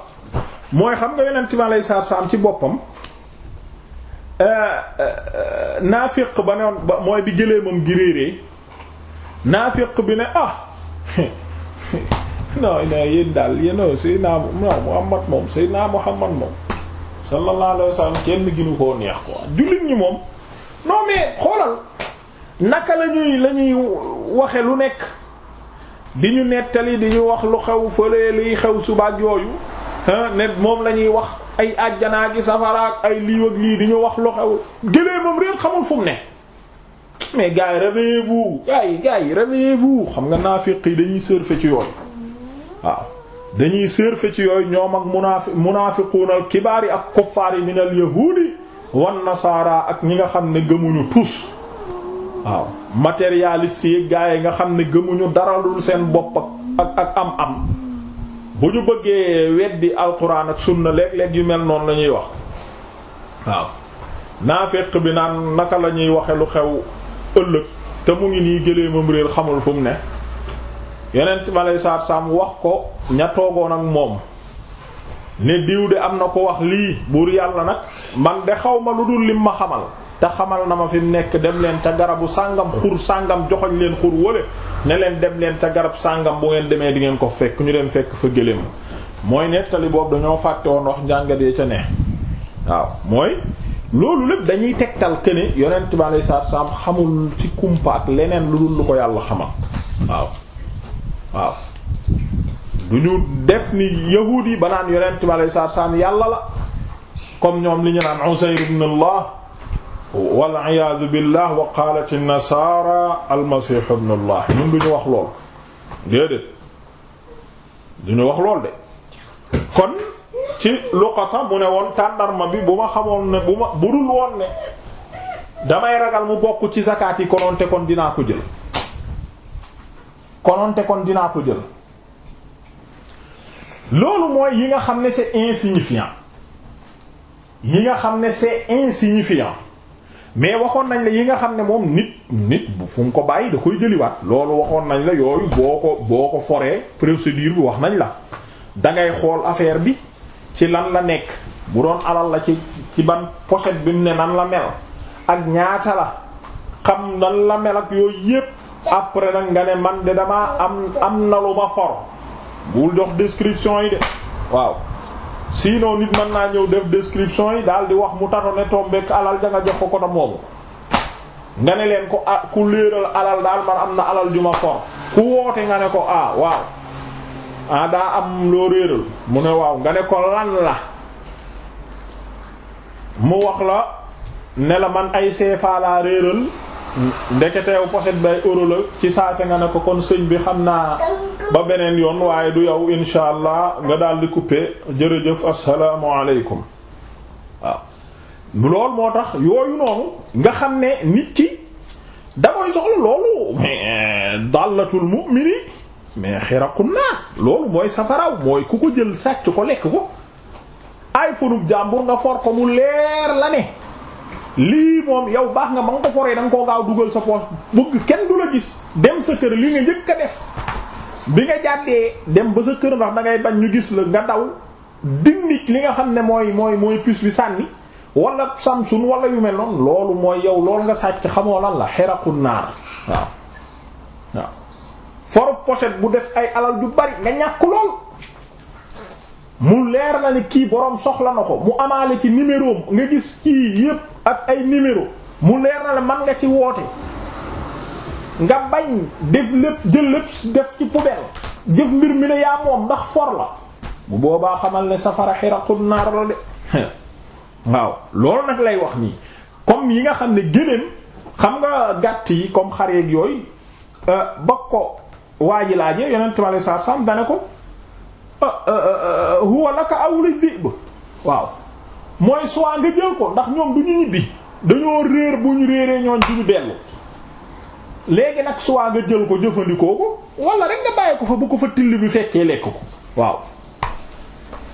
mooy xam nga yonent bi alayhi salaatu salaam ci boppam naafiq ba ne woon ba mooy bi gëléemam gi réeree naafiq bi ne ah (laughs) (laughs) non non yéen daal yéen Seydina Muhammad moom Seydina Muhammad moom sa alayhi wa sallam kenn ginu koo neex ko jullit ñi moom non mais xoolal naka la ñuy la ñuy waxe lu nekk di ñu nettali di ñu wax lu xew fële liy xew subaat yooyu ne moom la ñuy wax ay àjjanaa gi safaraak ay liiw ak lii di ñu wax lu xew gëlee moom réer xamul fu ne mais gars yi réveillez-vous gars xam nga naafiq yi dañuy surfer ci yooyu waaw dañuy surfer ci yooyu ñoom ak munaafi munaafiquunal kibaar yi ak kuffaar yi minal yahuudi wan nasaara ak ñi nga xam ne gëmuñu tous waaw matérialiste yi gars nga xam ne gëmuñu daralul seen bopp ak ak am-am bu ñu bëggee weddi alquran ak sunna léeg-léeg yu mel noonu lañuy wax waaw naafiq bi naan naka la ñuy waxe lu xew. ëllëg te mu ngi nii gëléemam réer xamul fu mu ne yonent ma lay saar wax ko ña toogoon ak moom ne diw de am na ko wax lii buur yàlla nag man de xaw ma lu dul lim ma xamal te xamal na ma fi nekk dem leen ca garabu sàngam xur sàngam joxoñ leen xur wële ne leen dem leen ca garab sàngam bu ngeen demee di ngeen ko fekk ñu leen fekk fa gëléem mooy nettali boobu dañoo fàtte woon wax njàngadee ca ne waaw mooy loolu lépp dañuy tegtal que ne yonent bi alayhi salaatu salaam xamul ci kumpa ak leneen lu dul lu ko yàlla xamal waaw waaw du ñu def ni yahuud ba naan yonent bi alayhi salaatu salaam yàlla la comme ñoom li ñu naan Usayr ibn Allah wal bi billah wa qaalat an-nasaara al-masiih Allah ñun du ñu wax lool déedéet du ñu wax lool de kon. ci luqata mu ne woon tàndarma bi bu ma xamoon ne bu ma budul woon ne damay ragal mu bokk ci zakat yi kononte kon dinaa ko jël kononte kon dinaa ko jël loolu mooy yi nga xam ne c'est insignifiant yi nga xam ne c'est insignifiant mais waxoon nañ la yi nga xam ne moom nit nit bu fu ko bàyyi da koy jëliwaat loolu waxoon nañ la yooyu boo ko boo ko foree procédure bi wax nañ la dangay xool affaire bi ci lan la nekk bu doon alal la ci ci ban pochette bi mu ne nan la mel ak ñaata la xam nan la mel ak yooyu yépp après nag nga ne man de dama am am na lu ma for bul jox description yi de waaw sinon nit mën naa ñëw def description yi daal di wax mu tato ne tombeek alal ja nga jox ko ko ta moomu nga ne leen ko ah, ku léeral alal daal man am na alal ju ma for ku woote nga ne ko ah waaw ah daa am loo réeral mu ne waaw nga ne ko lan mu wax la ne la man ay CFA laa réeral ndeketew pochette bay euro la ci saase nga ne ko kon sëñ bi xam naa ba beneen yoon waaye du yow insha allah nga daal di coupé jërëjëf asalaamaaleykum waaw loolu moo tax yooyu noonu nga xam ne nit ki da soxla loolu mais dallatul mu'mini mais xiraqu naa loolu mooy safaraw mooy ku ko jël sàcc ko lekk ko ay fanub jàmbur nga for ko mu leer la ne lii moom yow baax nga ba nga ko foree da nga koo gaaw dugal sa poche bëgg kenn du la gis dem sa kër li nga njëkk a def bi nga jàddee dem ba sa kër ndax da ngay bañ ñu gis la nga daw dindi li nga xam ne mooy mooy mooy puce bi sànni wala samsun wala yu mel noonu loolu mooy yow loolu nga sàcc xamoo lan la xiraqu naar waaw for poset bu def ay alal ju bari nga ñàkk lool mu leer la ne kii boroom soxla na ko mu amaale ci numéro nga gis kii yépp ak ay numéro mu leer na ne man nga ci woote nga bañ def lépp jël lépp def ci poubelle jëf mbir mi ne yaa moom ndax for la bu boobaa xamal ne safara xiraqul naar la de (laughs) waaw loolu nag lay wax nii comme yi nga xam ne gëléem xam nga gàtt yi comme xareeg yooyu euh, ba ko waa ji laajee yonent ma lay saa saam dane ko ah, ah, ah, huwa laka awla dib waaw mooy soit nga jël ko ndax ñoom du ñu bi dañoo réer bu ñu réeree ñooñ ci ñu dellu léegi nag soit nga jël ko jëfandikoo ko wala rek nga bàyyi ko fa bu ko fa till bi fekkee lekk ko waaw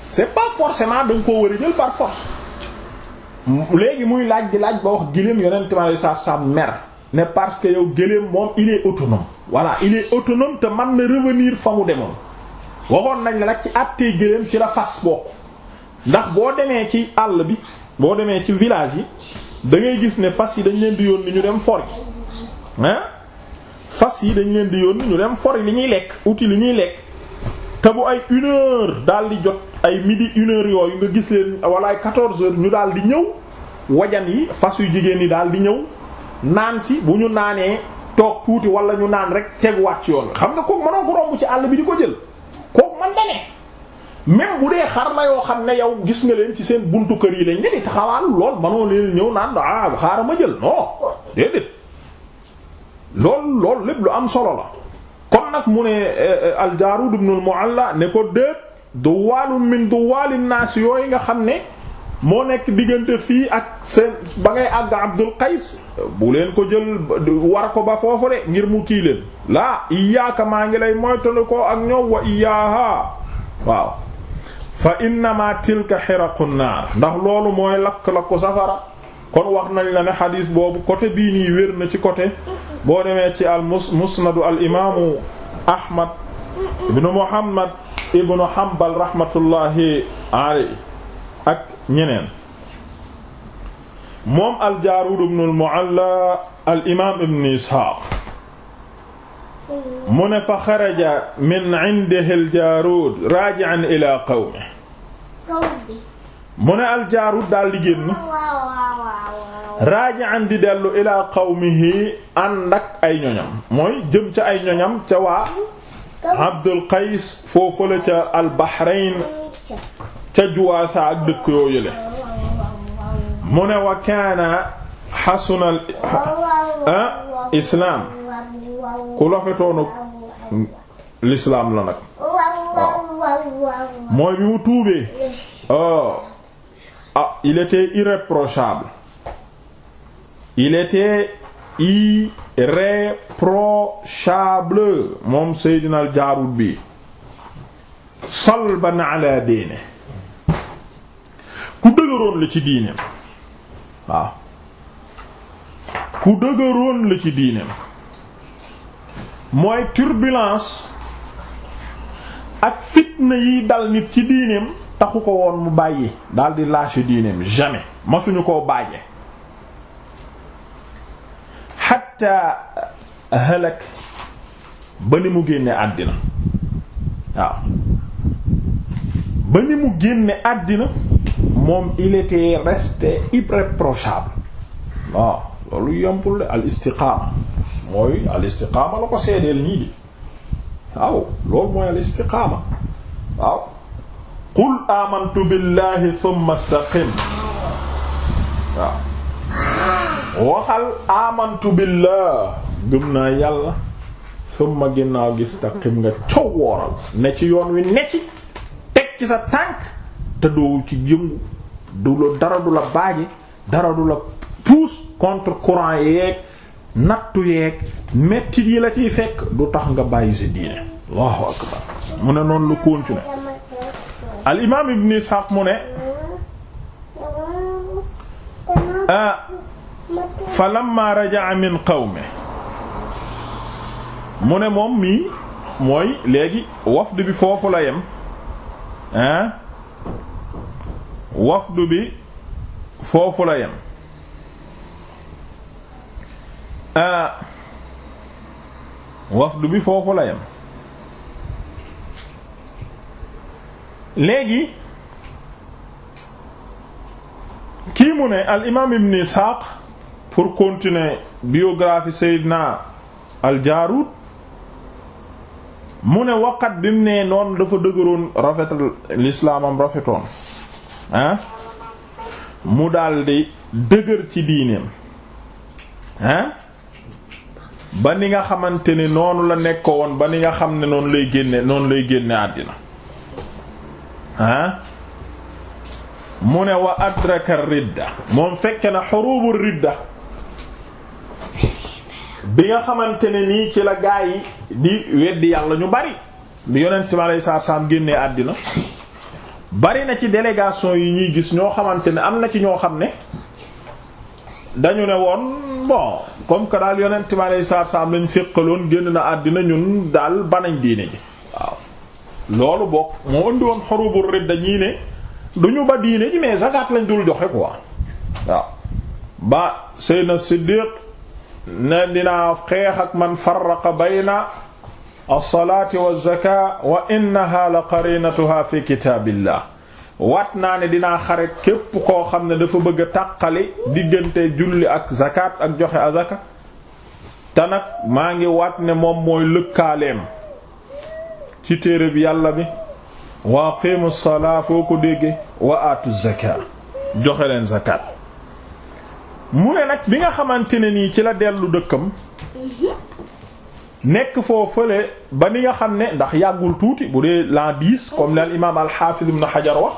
c'est pas forcément dañ koo war a jël par force léegi muy laaj di laaj ba wax géléem yonent ma lay saa saam mer ne parce que yow géléem moom il est autonome voilà il est te man na revenir fa mu demoon waxoon nañ la nag ci àttee gëléem ci la fas bokk ndax boo demee ci àll bi boo demee ci village yi da ngay gis ne fas yi dañ leen di yónni ñu dem for yi fas yi dañ leen di yónni ñu dem for li ñuy lekk uti li ñuy lekk te bu ay une heure daal di jot ay midi une yooyu nga gis leen wala ay quatorze heures ñu daal di ñëw wajan yi fas yu jigéen yi daal di ñëw naan si bu ñu naanee toog tuuti wala ñu naan rek teguwaat ci yoon xam nga kooku mënoo ko romb ci àll bi di ko jël kooku man da ne même bu dee xar la yoo xam ne yow gis nga leen ci seen buntu kër yi lañ ne di taxawaal lool manoo leen ñëw naan ah xaaral ma jël non déedéet lool lool lépp lu am solo la kon nag mu ne eh, eh, al Jaarud ibn al Mu'alla ne ko déet duwaalun min duwaali naas yooyu nga xam ne moo nekk diggante fii ak seen ba ngay àgg Abdul Qays bu ko jël war ko ba foofu ngir mu kii laa iyaaka maa ngi lay moytali ko ak ñoom wa iyaaha waaw fa innama tilka xiraqu ndax loolu mooy lakk-lakku safara kon wax nañ la ne xadiis boobu côté bii nii wér na ci côté boo demee ci al mus musnadu al imaamu Ahmad ibnu Muhammad ibnu Hanbal rahmatullahi aley ñeneen moom al-Jaarud ibn al-Mu'alla al-imaam ibn Isxaaq mu fa xaraja min indihi al-Jaarud raaji'an ilaa qawmihi mu al-Jaarud daal di génn raaji'an di dellu ilaa qawmihi ànd ak ay ñoñam mooy jëm ca ay ñoñam ca waa Abdul Qays foofu ca al-Bahrayn ca juwaasa ak dëkk yoo yële mu ne wa kaana xasunal islaam ku lofetoonu lislaam la nag mooy bi mu tuubee oh. ah, il était irréprochable il était irréprochable moom seydinal jaarut bi salban ala diine ku dëgëroon la ci diineem waaw ku dëgëroon la ci diineem mooy turbulence ak fitna yi dal nit ci diineem taxu ko woon mu bàyyi daal di lâcher diineem jamais masuñu koo bàyye hatta halak ba ni mu génne àddina waaw ba ni mu génne àddina moom il était resté irréprochable waaw ah, loolu yompul de al mooy al la ko seedeel ñii di waaw loolu mooy al waaw qul amantu billahi thumma naa yàlla summa ginnaaw gis taqim nga cow wooral ne ci yoon wi ne ci teg ci sa tànk te doowu ci yëngu du la dara du la baaje dara du la pousse contre courant yeeg nattu yeeg metti yi la ciy fekk du tax nga bàyyi sa diine allahu akbar mu ne noonu lu continuer al imaam ibn Ishaq mu ne ah, fa lamma raja'a min qawmi mu ne moom mii mooy léegi wafd bi foofu la yem ah, wafdu bi foofu la yem bi foofu yem léegi kii mu ne al imaam ibn Isxaaq pour continuer biographie na al Jaaruud mu ne waqat bi mu ne noonu dafa dëgëroon rafetal lislaamam rafetoon ah mu daldi dëgër ci diineem ah ba ni nga xamante ne noonu la nekkoo woon ba ni nga xam ne noonu lay génne noonu lay génne àddina ah mu ne wa adraka ridda moom fekke na xurubu ridda bi nga xamante ni nii ci la gaa yi di weddi yàlla ñu bari bi yonent mi alayhi salaam génnee àddina bari na ci délégation yi ñuy gis ñoo xamante ne am na ci ñoo xam ne dañu ne woon bon comme que daal yonent bi alayhi sa salaam lañ séqaloon génn na àddina ñun daal banañ diine ji waaw loolu bokk moo indi woon xorubul ridda ñii ne du ñu ba diine ji mais zakat lañ dul joxe quoi waaw ba Seydina Siddiq ne dinaa xeex ak man farraqa na alsalaati walzaka wa innaha la qarinatuha fi kitaabillah waat naa ne dinaa xare képp koo xam ne dafa bëgg a diggante julli ak zakat ak joxe azaka te maa ngi wat ne moom mooy lëkkaaleem ci téere bi yàlla bi wa aqimu salaa foo ko dégge wa aatu zaka joxe leen zakat mu ne nag bi nga xamante ne nii ci la dellu dëkkam nekk foo fële ba ni nga xam ne ndax yàggul tuuti bu dee l'an dix comme al imaam al xaafis ibn Hajar wax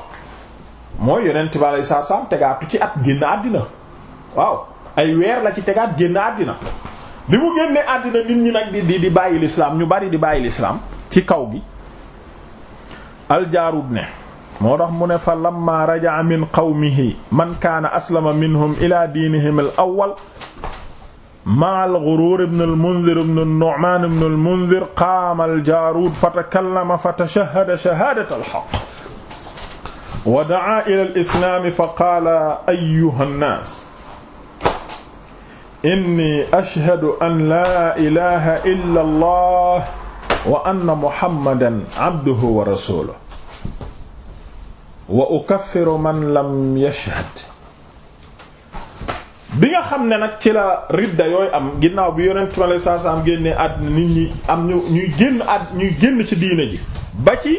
mooy yonent bi alayhi salaatu tegaatu ci at génn àddina waaw ay weer la ci tegaat génn àddina bi mu génne àddina nit ñi nag di di bàyyi lislaam ñu bari di bàyyi lislaam ci kaw gi aljaarud ne moo tax mu ne fa lamma raja'a min qawmihi man kaana aslama minhum ila diinihim al awwal ma al-Ghuruur ibn al-Mundhir ibn an-Nu'maan ibn al-Mundhir qaama al-Jaaruud fatakallama fatashahhada shahaadata al-haqq wa da'aa ila al-islaam faqaala ayyuha an-naas inni ashhadu an laa ilaaha illa allah wa anna muhammadan abduhu wa rasuluhu wa ukaffiru man lam yashhad bi nga xam ne nag ci la ridda yooyu am ginnaaw bi yonent bi alayhi salaatu salaam génnee àddina nit ñi am ñu ñuy génn àdd ñuy génn ci diine ji ba ci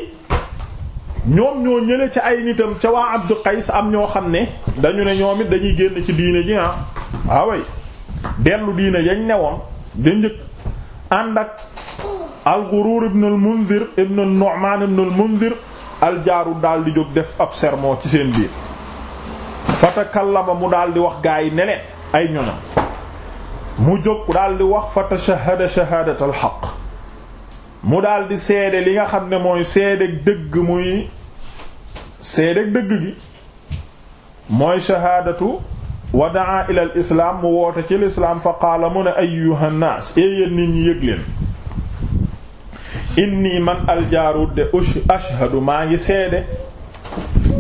ñoom ñoo ñële ci ay nitam ca waa Abdu Qays am ñoo xam ne dañu ne ñoom it dañuy génn ci diine ji ah waaway ah dellu diine yañ newoon da njëkk ànd ak al-Ghurur ibn al-Mundhir ibn an-Nu'man ibn al daal di jóg def ab sermon ci seen biir fatakallama mu daal di wax gaa yi ne ay ñoñam mu jóg daal wax fatashahada shahadat al haqq mu daldi di seede li nga xam ne mooy seede dëgg muy seede dëgg gi mooy shahaadatu wa daa ila islaam mu woote ci lislaam fa qaala mu ne ayyuha nnaas yéen nit ñi yëg leen man aljaarud ashhadu maa ngi seede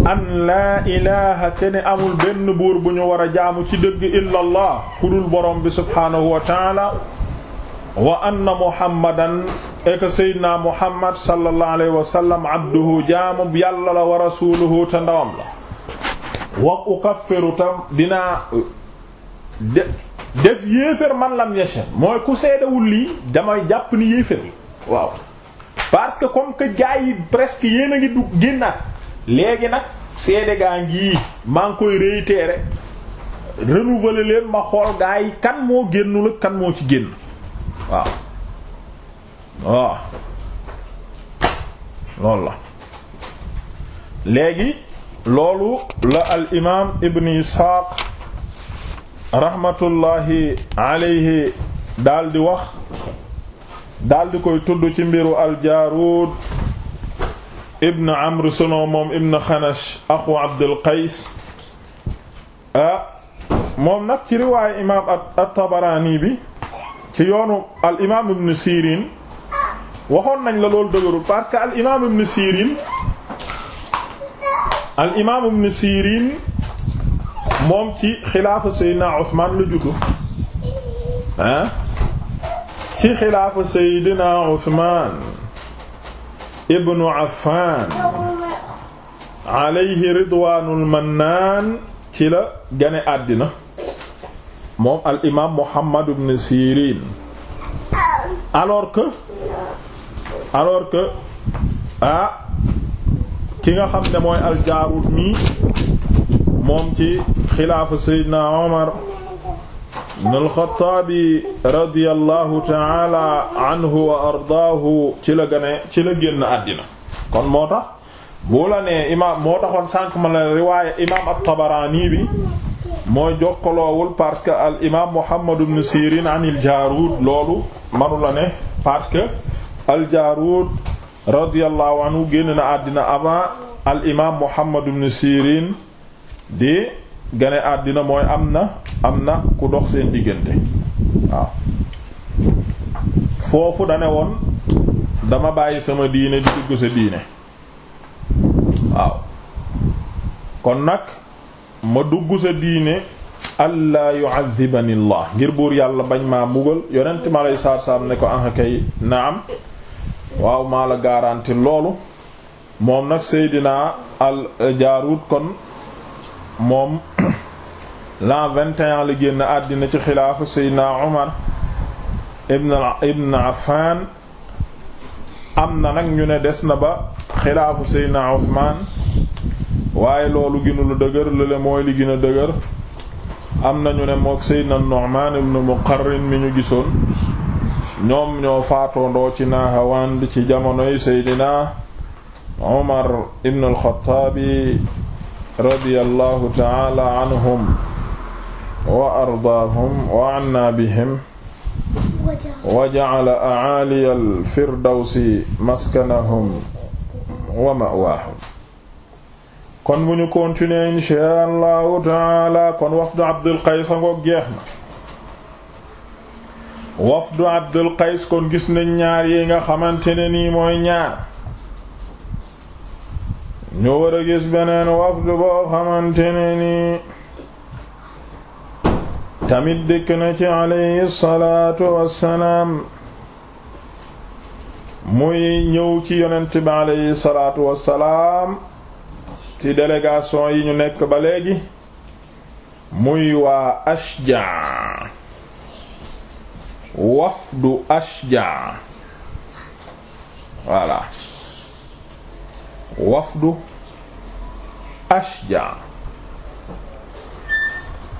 an laa ilaha te amul benn buur bu ñu war a jaamu ci dëgg illa allah ku dul borom bi subhaanahu wa taala wa anna muhammadan ek seydina muhammad sallallahu alayhi wa sallam abduhu jaamu yàlla la wa rasuluhu te ndawam la wa ukaffiru tam dinaa de def yéefér man lam yasha mooy ku seedawul lii damay jàpp ni yéefér la waaw parce que comme que gaa presque yéen ngi du génnaat léegi nag seede gaa ngi maa ngi koy réitérer renouveler leen ma xool gaa kan moo génnul ak kan moo ci génn waaw waaw loolu la léegi loolu la al imaam ibn isxaaq rahmatullahi alayhi daal di wax daal di koy tudd ci mbiru al jaaruud ibn amr solo moom ibn xanash axu abdul qays ah moom nag ci riwaayu imaam at-tabaraani bi ci yoonu al imaam ibn sirin waxoon nañ la loolu dëgërul parce que al imaam ibn sirin al imaam ibn sirin moom ci xilaafa seydina Usmaan la juddu ah ci xilaafa seydina Usmaan ibnu Affan alayhi ridwaanul ci la gane àddina moom al imaam Muhammad ibn alors que alors que nga xam ne mooy al Jaarud mi moom ci xilaafu Seydina Omar ibn alxataabi radiallahu ci la génn àddina kon moo tax bu riwaaya imaam at-Tabaraani bi mooy jokkaloowul parce que al imaam Muhammad ibn Sirin an que al Jaaruud radiallahu anhu génn na àddina avant al imaam Muhammad ibn Sirin di gane àddina mooy am na am na ku dox seen diggante waaw foofu dane woon dama bàyyi sama diine di dugg sa diine waaw kon nag ma dugg sa diine allah yu'adhibani allah ngir buur yàlla bañ maa mbugal yonent ma lay saar saar ne ko anqa ah, kay naam waaw maa la garanti loolu moom nag seydinaa al jaarut kon moom (coughs) l'an 21 la génn àddina ci xilaafa Seydina Omar ibn ibn am na nag ñu ne des na ba xilaafu Seydina Othman waaye loolu gënu lu dëgër lële mooy li a dëgër am na ñu ne mook Seydina Nu'man ibn Muqarrin mi ñu gisoon ñoom ñoo faatoondoo ci Nahawand ci jamonoy Seydina Omar ibn al radiyallahu taala anhum wa ardaahum wa anna bihim wa ja'ala a'aaliya al-firdawsi maskanahum wa ma'waahum kon bu ñu continuer inshaa allahu taala kon wafdu Abdul Qays ngoog jeex na wafdu Abdul Qays kon gis nañ ñaar yi nga xamante ne nii mooy ñaar ñu war a gis beneen wafd boo xamante tamit dikk na ci muy ñëw ci yonent bi alayhi salaatu wassalaam ci délégation yi ñu nekk ba léegi muy waa Ashja wafdu Ashja voilà wafdu ashja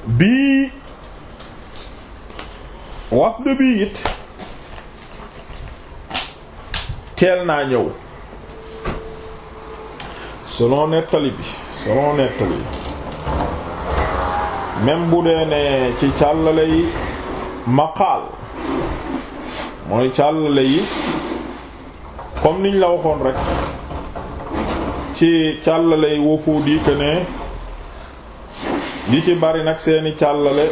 bii wafdu bi it teel naa ñëw selon nettali bi selon nettali bi même bu dee ne ci càllale yi maqaal mooy càllale yi comme niñ la waxoon rek ci càllale wufuud yi que ne li ci bari nag seeni càllale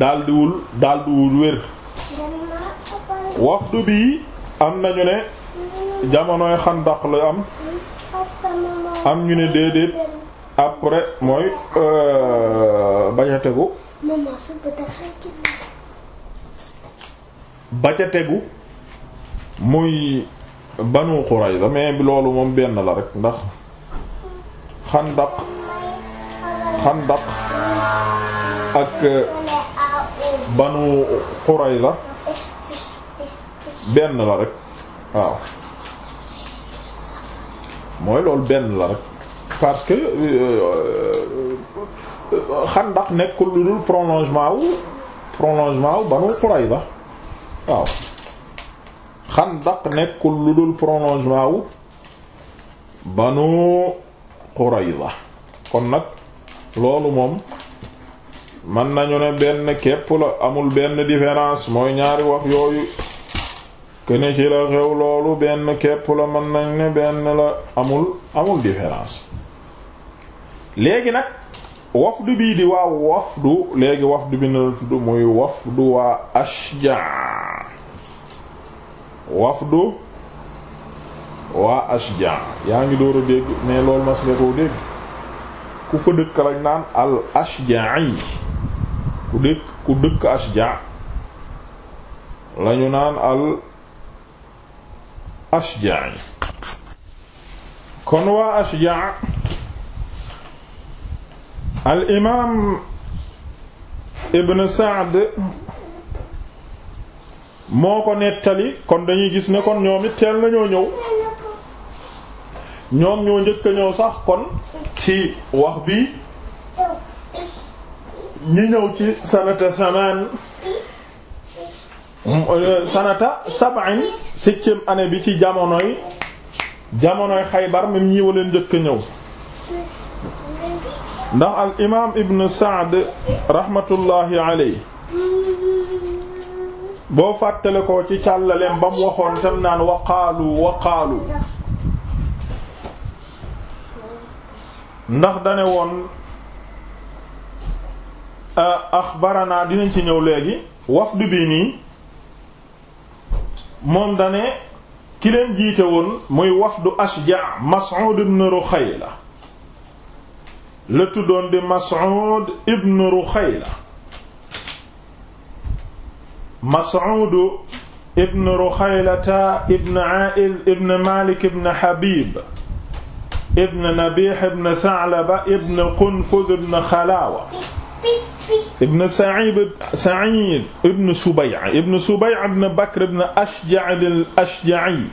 daldiwul daldiwul wér waxtu bii am nañu ne jamonoy xandaq la am am ñu ne déedéet après mooy euh, bañ tegu ba tegu muy banu Qurayza mais loolu moom benn la rek ndax xandaq xandaq ak euh, banu Qurayza benn la rek waaw mooy loolu benn la rek parce que euh, euh, xandaq nekkul lu dul prolongement wu prolongement wu waaw xandaq nekkul lu dul prolongement wu banu Qurayza kon nag loolu moom mën nañu ne benn képp la amul benn différence mooy ñaari wax yooyu kene ci la xew loolu benn képp la mën nañ ne benn la amul amul différence léegi nag wafdu bii di waa wafdu léegi wafdu bi na la tudd muy wafdu waa Ashja wafdu waa ashja yaa ngi door a dégg ne loolu mas nga koo dégg ku fa dëkk lañ naan al ashja'i ku dëkk ku dëkk ashja lañu naan al ashja'i kon waa ashja al imaam ibn Sa'd moo ko nettali kon dañuy gis ne kon ñoom it teel nañoo ñëw ñoom ñoo njëkk a ñëw sax kon ci wax bi ñi ñëw ci sanata samaan sanata sab'in septième année bi ci jamonoy jamonoy xaybar même ñi waleen njëkk ñëw ndax al imaam ibn Sa'd rahmatullahi alayhi boo fàttale ko ci càllaleem ba mu waxoon tam naan waqaalu waqaalu ndax dane woon axbarana dinañ ci ñëw léegi wafdu bi nii moom dane ki leen jiite woon muy wafdu ashja mas'ud ibn ruxayla la tuddoon di mas'ud ibn ruxayla Mas'uud ibn Rukhaylata ibn A'idh ibn Malik ibn Habib ibn Nabih ibn Tha'laba ibn Qunfuz ibn Khalawa ibn Sa'id Sa'id ibn Subay'a ibn Subay'a ibn Bakr ibn Ashja' al-Ashja'i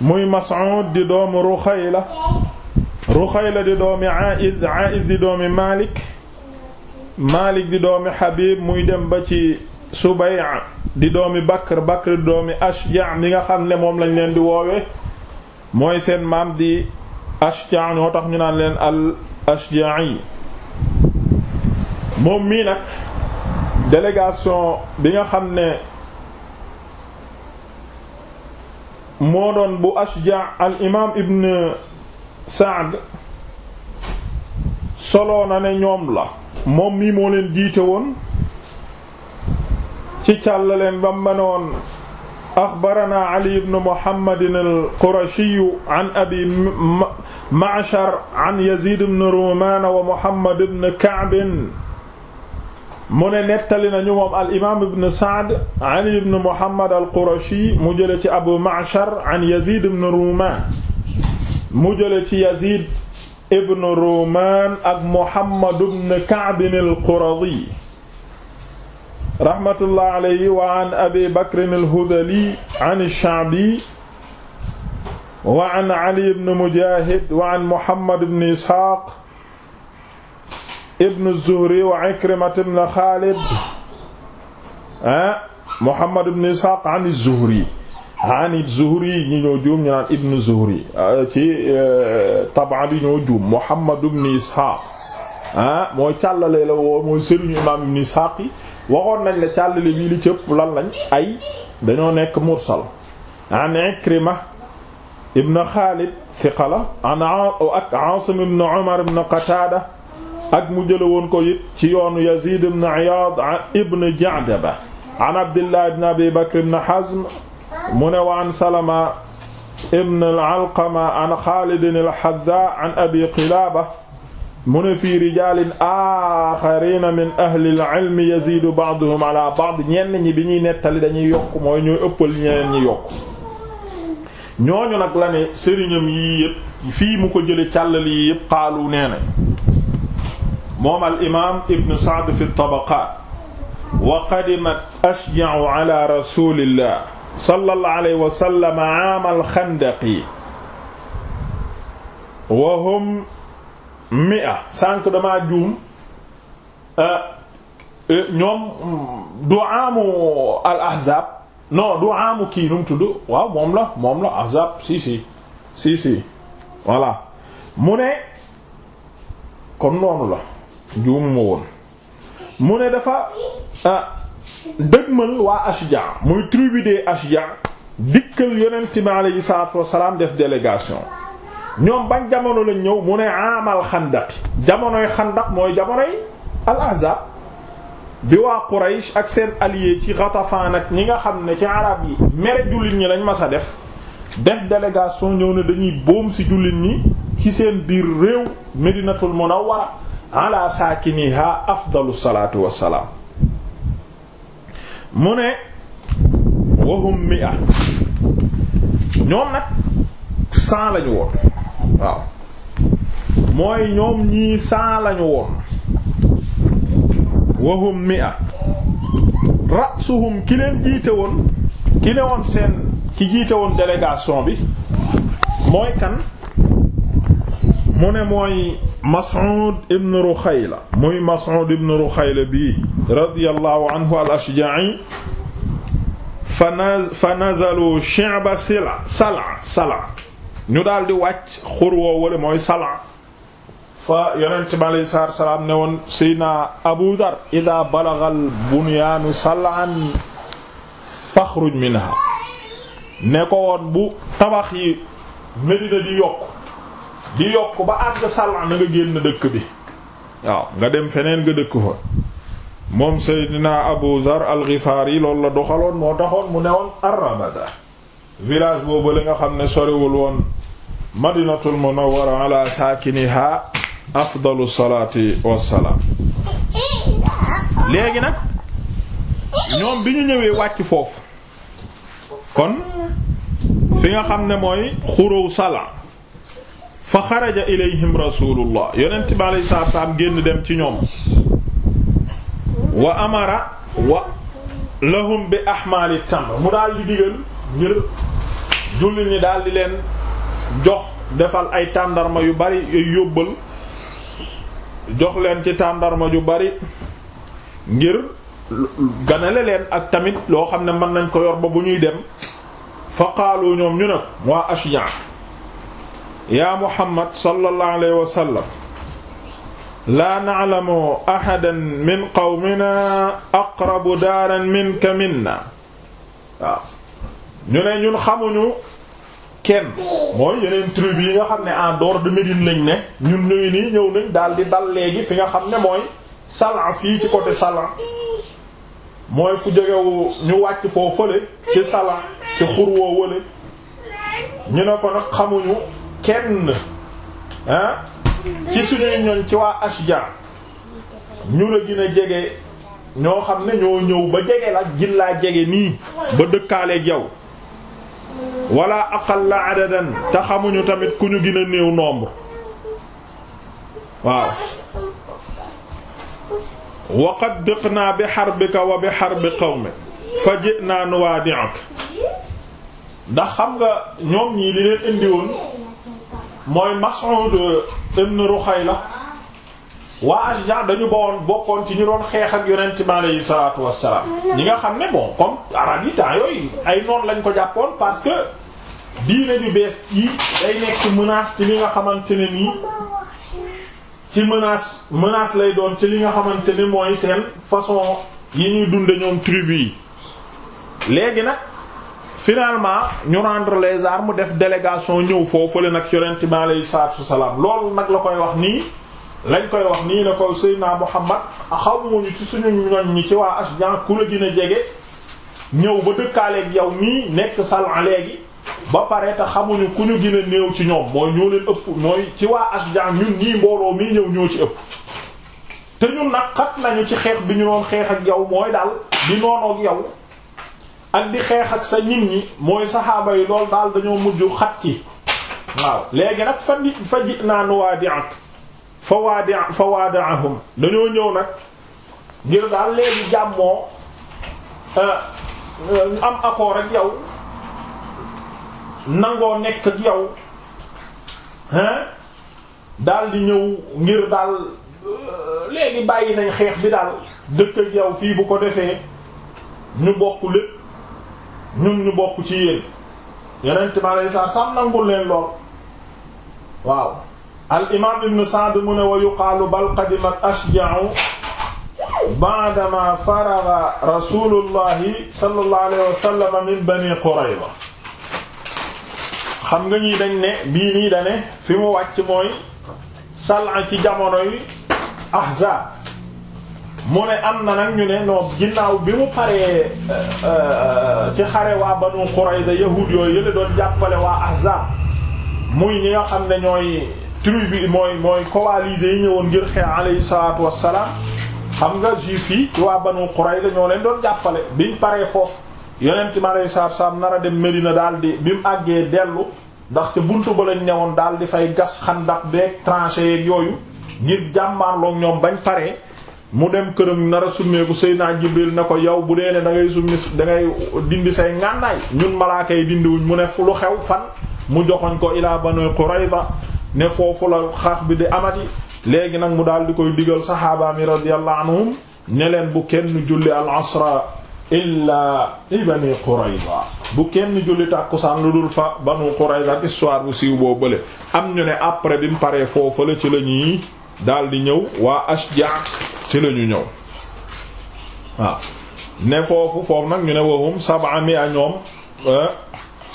muy Mas'uud di doomu Rukhayla Rukhayla di doomi A'idh A'idh di doomi Malik Malik di doomi Habib muy dem ba ci subay di doomi bakr bakr di doomi ashja mi nga xam ne moom lañ leen di woowe mooy seen maam di ashja ñoo tax ñu naan leen al ashja'i moom mii nag délégation bi nga xam ne moo doon bu ashja al imaam ibn saad soloo na ne ñoom la moom mii moo leen jiite woon ci càllaleen bam mënoon axbarana ali ibn muhammadin al-qurashiyu an abi ma'shar an yazid ibn ruman wa muhammad ibn ka'b mu ne nettali nañu moom al-imaam ibn sa'd ali ibn muhammad al-qurashi mu jële ci abu ma'shar an yazid ibn ruman mu jële ci yazid ibn ruman ak muhammad ibn ka'b al-quradi rahmatullah alayhi wa an abi bakrin al-hudali an ash-sha'bi wa an ali ibn mujahid wa an muhammad ibn ishaq ibn az-zuhri wa ikrimat ibn khalid ah muhammad ibn ishaq an az-zuhri an az-zuhri ñi ñoo juum ñu naan ibn zuhri ci eh, tabaa bi ñoo juum muhammad ibn ishaq ah mooy càllale la woo mooy sëriñu imam ibn ishaq yi waxoon nañ la càllale bii li cëpp lan ay dañoo nekk mursal an Ikrima ibn Xaalid thiqala ak Aasim ibn Umar ibn Qataada ak mu jële woon ko it ci yoonu Yazid ibn Iyaad ibn Ja'daba Abi Bakr ibn Hazm mu ne Salama ibn alqama an Xaalid al-Haddaa Abi Qilaaba mu ne fii rijalin axarina min ahlil ilmi yazidu ba'duhum ala ba'd ñenn ñi bi ñuy nettali dañuy yokk mooy ñooy ëppal ñeneen ñi yokk ñooñu nag la ne sëriñam yii yëpp fii mu ko jële càllal yii yëpp xaalu nee na moom al ibn Sa'd fi tabaqat wa qadimat ashja'u ala rasulillah sallallahu alayhi wa sallam aam al xandaqi wa hum mi a sànq damaa juum euh, euh, ñoom du amu al ahzab non du amu kii nu mu tudd waaw moom la moom la ahzab si si si voilà mu ne kon noonu la juum ma woon mu ne dafa euh, dëgmal waa Ashja muy tribu des Ashja dikkal yonent bi alayhi salaatu wassalaam def délégation ñoom bañ jamono lañ ñëw mu ne amal xandaq jamonoy xandaq mooy jamonoy al ahzab bi waa Quraysh ak seen allié ci Ghatafan ak ñi nga xam ne ci arab yi mere jullit ñi lañ mas a def def délégation ñëw ne dañuy boom ci jullit ñi ci seen biir réew Medinatul Munawwara ala saakiniha afdalu salaatu wassalaam mu ne wahum mi'a ñoom nag cent lañu woon waaw mooy ñoom ñii cent lañu woon wahum mi'a rasuhum ki leen jiite woon ki ne seen ki jiite woon délégation bi mooy kan mu ne mooy Mas'ud ibn Rukhayla muy Mas'ud ibn Rukhayla bii radiyallahu anhu al-Ashja'i fa nazalu shi'ba sala sala sala ñu daal di wàcc xur woo wala mooy salan fa yonent bi aleyhi salaam ne woon Seydina Abu Dar ida balagal bunyaanu salaan faxruj minha ne ko woon bu tabax yi Medina di yokk di yokk ba àgg salaan na nga génn dëkk bi waaw nga dem feneen nga dëkk fa moom Seydina Abu Dar al-Ghifari la doxaloon moo taxoon mu ne woon Arrabada village boobu li nga xam ne soriwul woon madinatul munawwara ala saakiniha afdalu salaati wassalaam léegi nag ñoom bi ñu ñëwee wàcc foofu kon fi nga xam ne mooy xurów sala fa xaraja ilayhim rasulullah yonent bi alayhi salaatu salaam génn dem ci ñoom wa amara wa lahum bi ahmaali tamr mu daal digal ngir julli ñi daal leen jox defal ay tàndarma yu bari yu yóbbal jox leen ci tàndarma yu bari ngir ganale leen ak tamit loo xam ne mën nañ ko yor bu ñuy dem fa qaalu ñoom ñu ne ko waa ashja yaa muhammad sallallahu alayhi wa sallam laa na'lamu ahadan min qawmina aqrabu daaran minka minna ñu ne ñun xamuñu kenn mooy yeneen tribu yi nga xam ne en dehors de Médine ne ñun ñuy nii ñëw nañ daal di dal léegi fi nga xam ne mooy Salan fii ci côté Salan mooy fu jegewu ñu wàcc foo fële ci Salan ci xur woo wële ñu ne ko nag xamuñu kenn ci suñuy ñoñ ci waa Ashja ñu la gën jege ñoo xam ne ñoo ñëw ba jege la gin laa jege nii ba dëkkaale yow wala la adadan te xamuñu tamit ku ñu gën néew nombre waaw wa qad diqnaa bi xarbika wa bi xarbi qawmi fa ji'naa nuwaadi'uk ndax xam nga ñoom ñii li leen indiwoon mooy Mas'ud ibn Ruxayla waa Ashja dañu bowoon bokkoon ci ñu doon xeex ak yonent bi aleyhi salaatu wassalaam ñi nga xam ne bon comme arab yi temps yooyu ay noon lañ ko jàppoon parce que diine ju bees yi day nekk menace ci li nga xamante ni nii ci menace menace lay doon ci li nga xamante ne mooy seen façon yi ñuy dunde ñoom tribu yi léegi nag finalement ñu rendre les mu def délégation ñëw foofu la nag yonent bi aleyhi salaatu wassalaam loolu nag la koy wax nii lañ koy wax nii ne ko Seydina Muhammad xamuñu ci suñu ñoñ ñi ci waa Ashjan ku la gën a jege ñëw ba dëkkaaleeg yow mii nekk Sal'a léegi ba pare te xamuñu ku ñu gën a néew ci ñoom mooy ñoo leen ëpp mooy ci waa Ashjan ñun ñii mbooloo mii ñëw ñoo ci ëpp te ñun nag xat nañu ci xeex bi ñu doon xeex ak yow mooy daal di noonoog yow ak di xeex ak sa nit ñi mooy saxaaba yi loolu daal dañoo mujj xat ci waaw léegi nag fa fa ji naa nuwaa di ak fa waadi fa waadaahum dañoo ñëw nag ngir daal léegi jàmmoo ñu euh, am accord ak yow nangoo nekk ak yow hein daal di ñëw ngir daal euh, léegi bàyyi nañ xeex bi daal dëkk ak yow fii bu ko defee ñu bokk lépp ñun ñu bokk ci yéen yeneen ci ma lay sax nangul leen lool waaw al imaam ibn Sa'd mu ne wa yuqaalu bal qadimat ashja'u ba'dama faraga rasulullahi sallallahu alayhi wa sallam bani Qurayza xam nga ñii dañ ne bii nii da ne fi mu wàcc mooy sal'a ci jamono yi ahzaab mu ne am na nag ñu ne non ginnaaw bi mu paree euh, euh, ci xare waa banu Qurayza yahuud yooyu yële doon jàppale waa ahzaab muy ñi nga xam ne ñooy. tribu bi mooy mooy coalisés yi ñëwoon ngir xeex alayhi salaatu wassalaam xam nga juif yi waa Banu Qurayza ñoo leen doon jàppale biñ paree foofu yonent mi alayhi salaatu wassalaam nar a dem Medina daal di bi mu àggee dellu ndax ca buntu ba lañ ñëwoon daal di fay gas xandax beeg tranchées yooyu ngir jàmmaarloog ñoom bañ pare mu dem këram nar a summeeku Seydina Jibril ne ko yow bu dee ne da ngay summi dangay dindi say ngànnaay ñun malaaka yi dindiwuñ mu ne fu lu xew fan mu joxoñ ko ilaa Banu Qurayza ne foofu la xaax bi di amati léegi nag mu daal di koy digal saxaaba mi radiyallahu anhum ne leen bu kenn julli al asra illaa ibani Qurayza bu kenn julli tàkkusaan lu dul fa banu Qurayza histoire bu siiw boo bële am ñu ne après bi mu paree foofu la ci lañuy ñuy daal di ñëw waa Ashja ci la ñu ñëw waaw ne foofu foofu nag ñu ne wowum sab'a mi'a ñoom eh,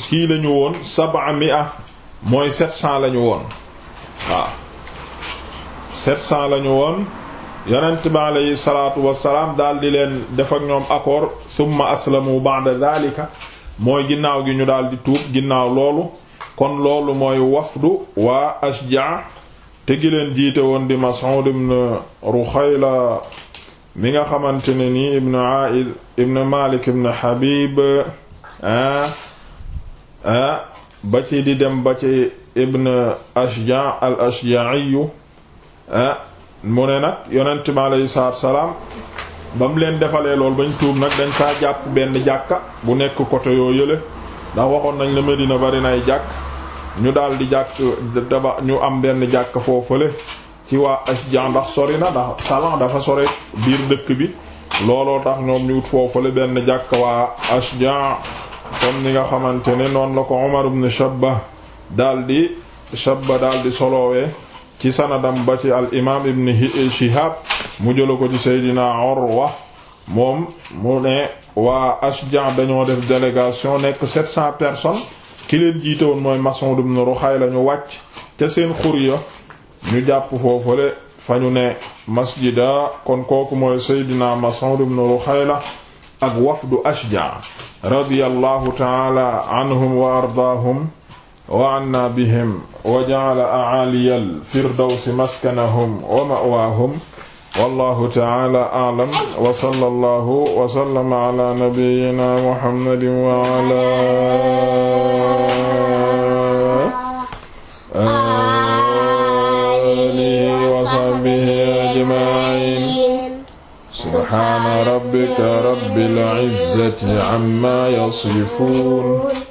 kii lañu woon sab'a mi'a mooy 700 la lañu woon waaw sept cent la ñu woon yonent bi aleyhi daal di leen def ak ñoom accord summa aslamu ba'da ginnaaw gi ñu daal di tuub ginnaaw loolu kon loolu mooy wafdu waa Ashja te gi leen jiite woon di Mas'ud ibn mi nga xamante ne nii ibn A'id ibn Malik ah, ah, ba ci di dem ba ibn ashja al ashjaiyu ah mu ne nag yonent mi aleyhi salaatu salaam ba leen defalee lool bañ tuub nag dañ saa jàpp benn jàkka bu nekk côté yoo yële ndax waxoon nañ la Medina bari nay jàkk ñu daal di jàkk daba ñu am benn jàkk foofale ci waa ashja ndax sori na ndax salan dafa sore biir dëkk bi looloo tax ñoom ñu wut foofale benn jàkk waa ashja comme ni nga xamante ne noonu la ko Umar ibn Shabba daldi shabba daldi solowee ci sanadam ba ci al imaam ibn Shihab mu jëla ko ci Seydina Urwa moom mu ne waa Ashja dañoo def délégation nekk 700 personnes ki leen jiite woon mooy Mas'ud ibn Ruxay la ñu wàcc ca seen xur ñu jàpp foofule fa ñu ne masjida kon kooku mooy Seydina Mas'ud ibn Ruxay la ak wafdu Ashja radiyallahu taala anhum wa ardaahum wa anna bihim wa ja'ala a'aliya al-firdawsi maskanahum wa ma'waahum wallahu ta'ala a'lam wa sallallahu wa sallama ala nabiyyina muhammadin wa ala alihi wa sahbihi ajma'in subhana rabbika rabbil izzati amma yasifun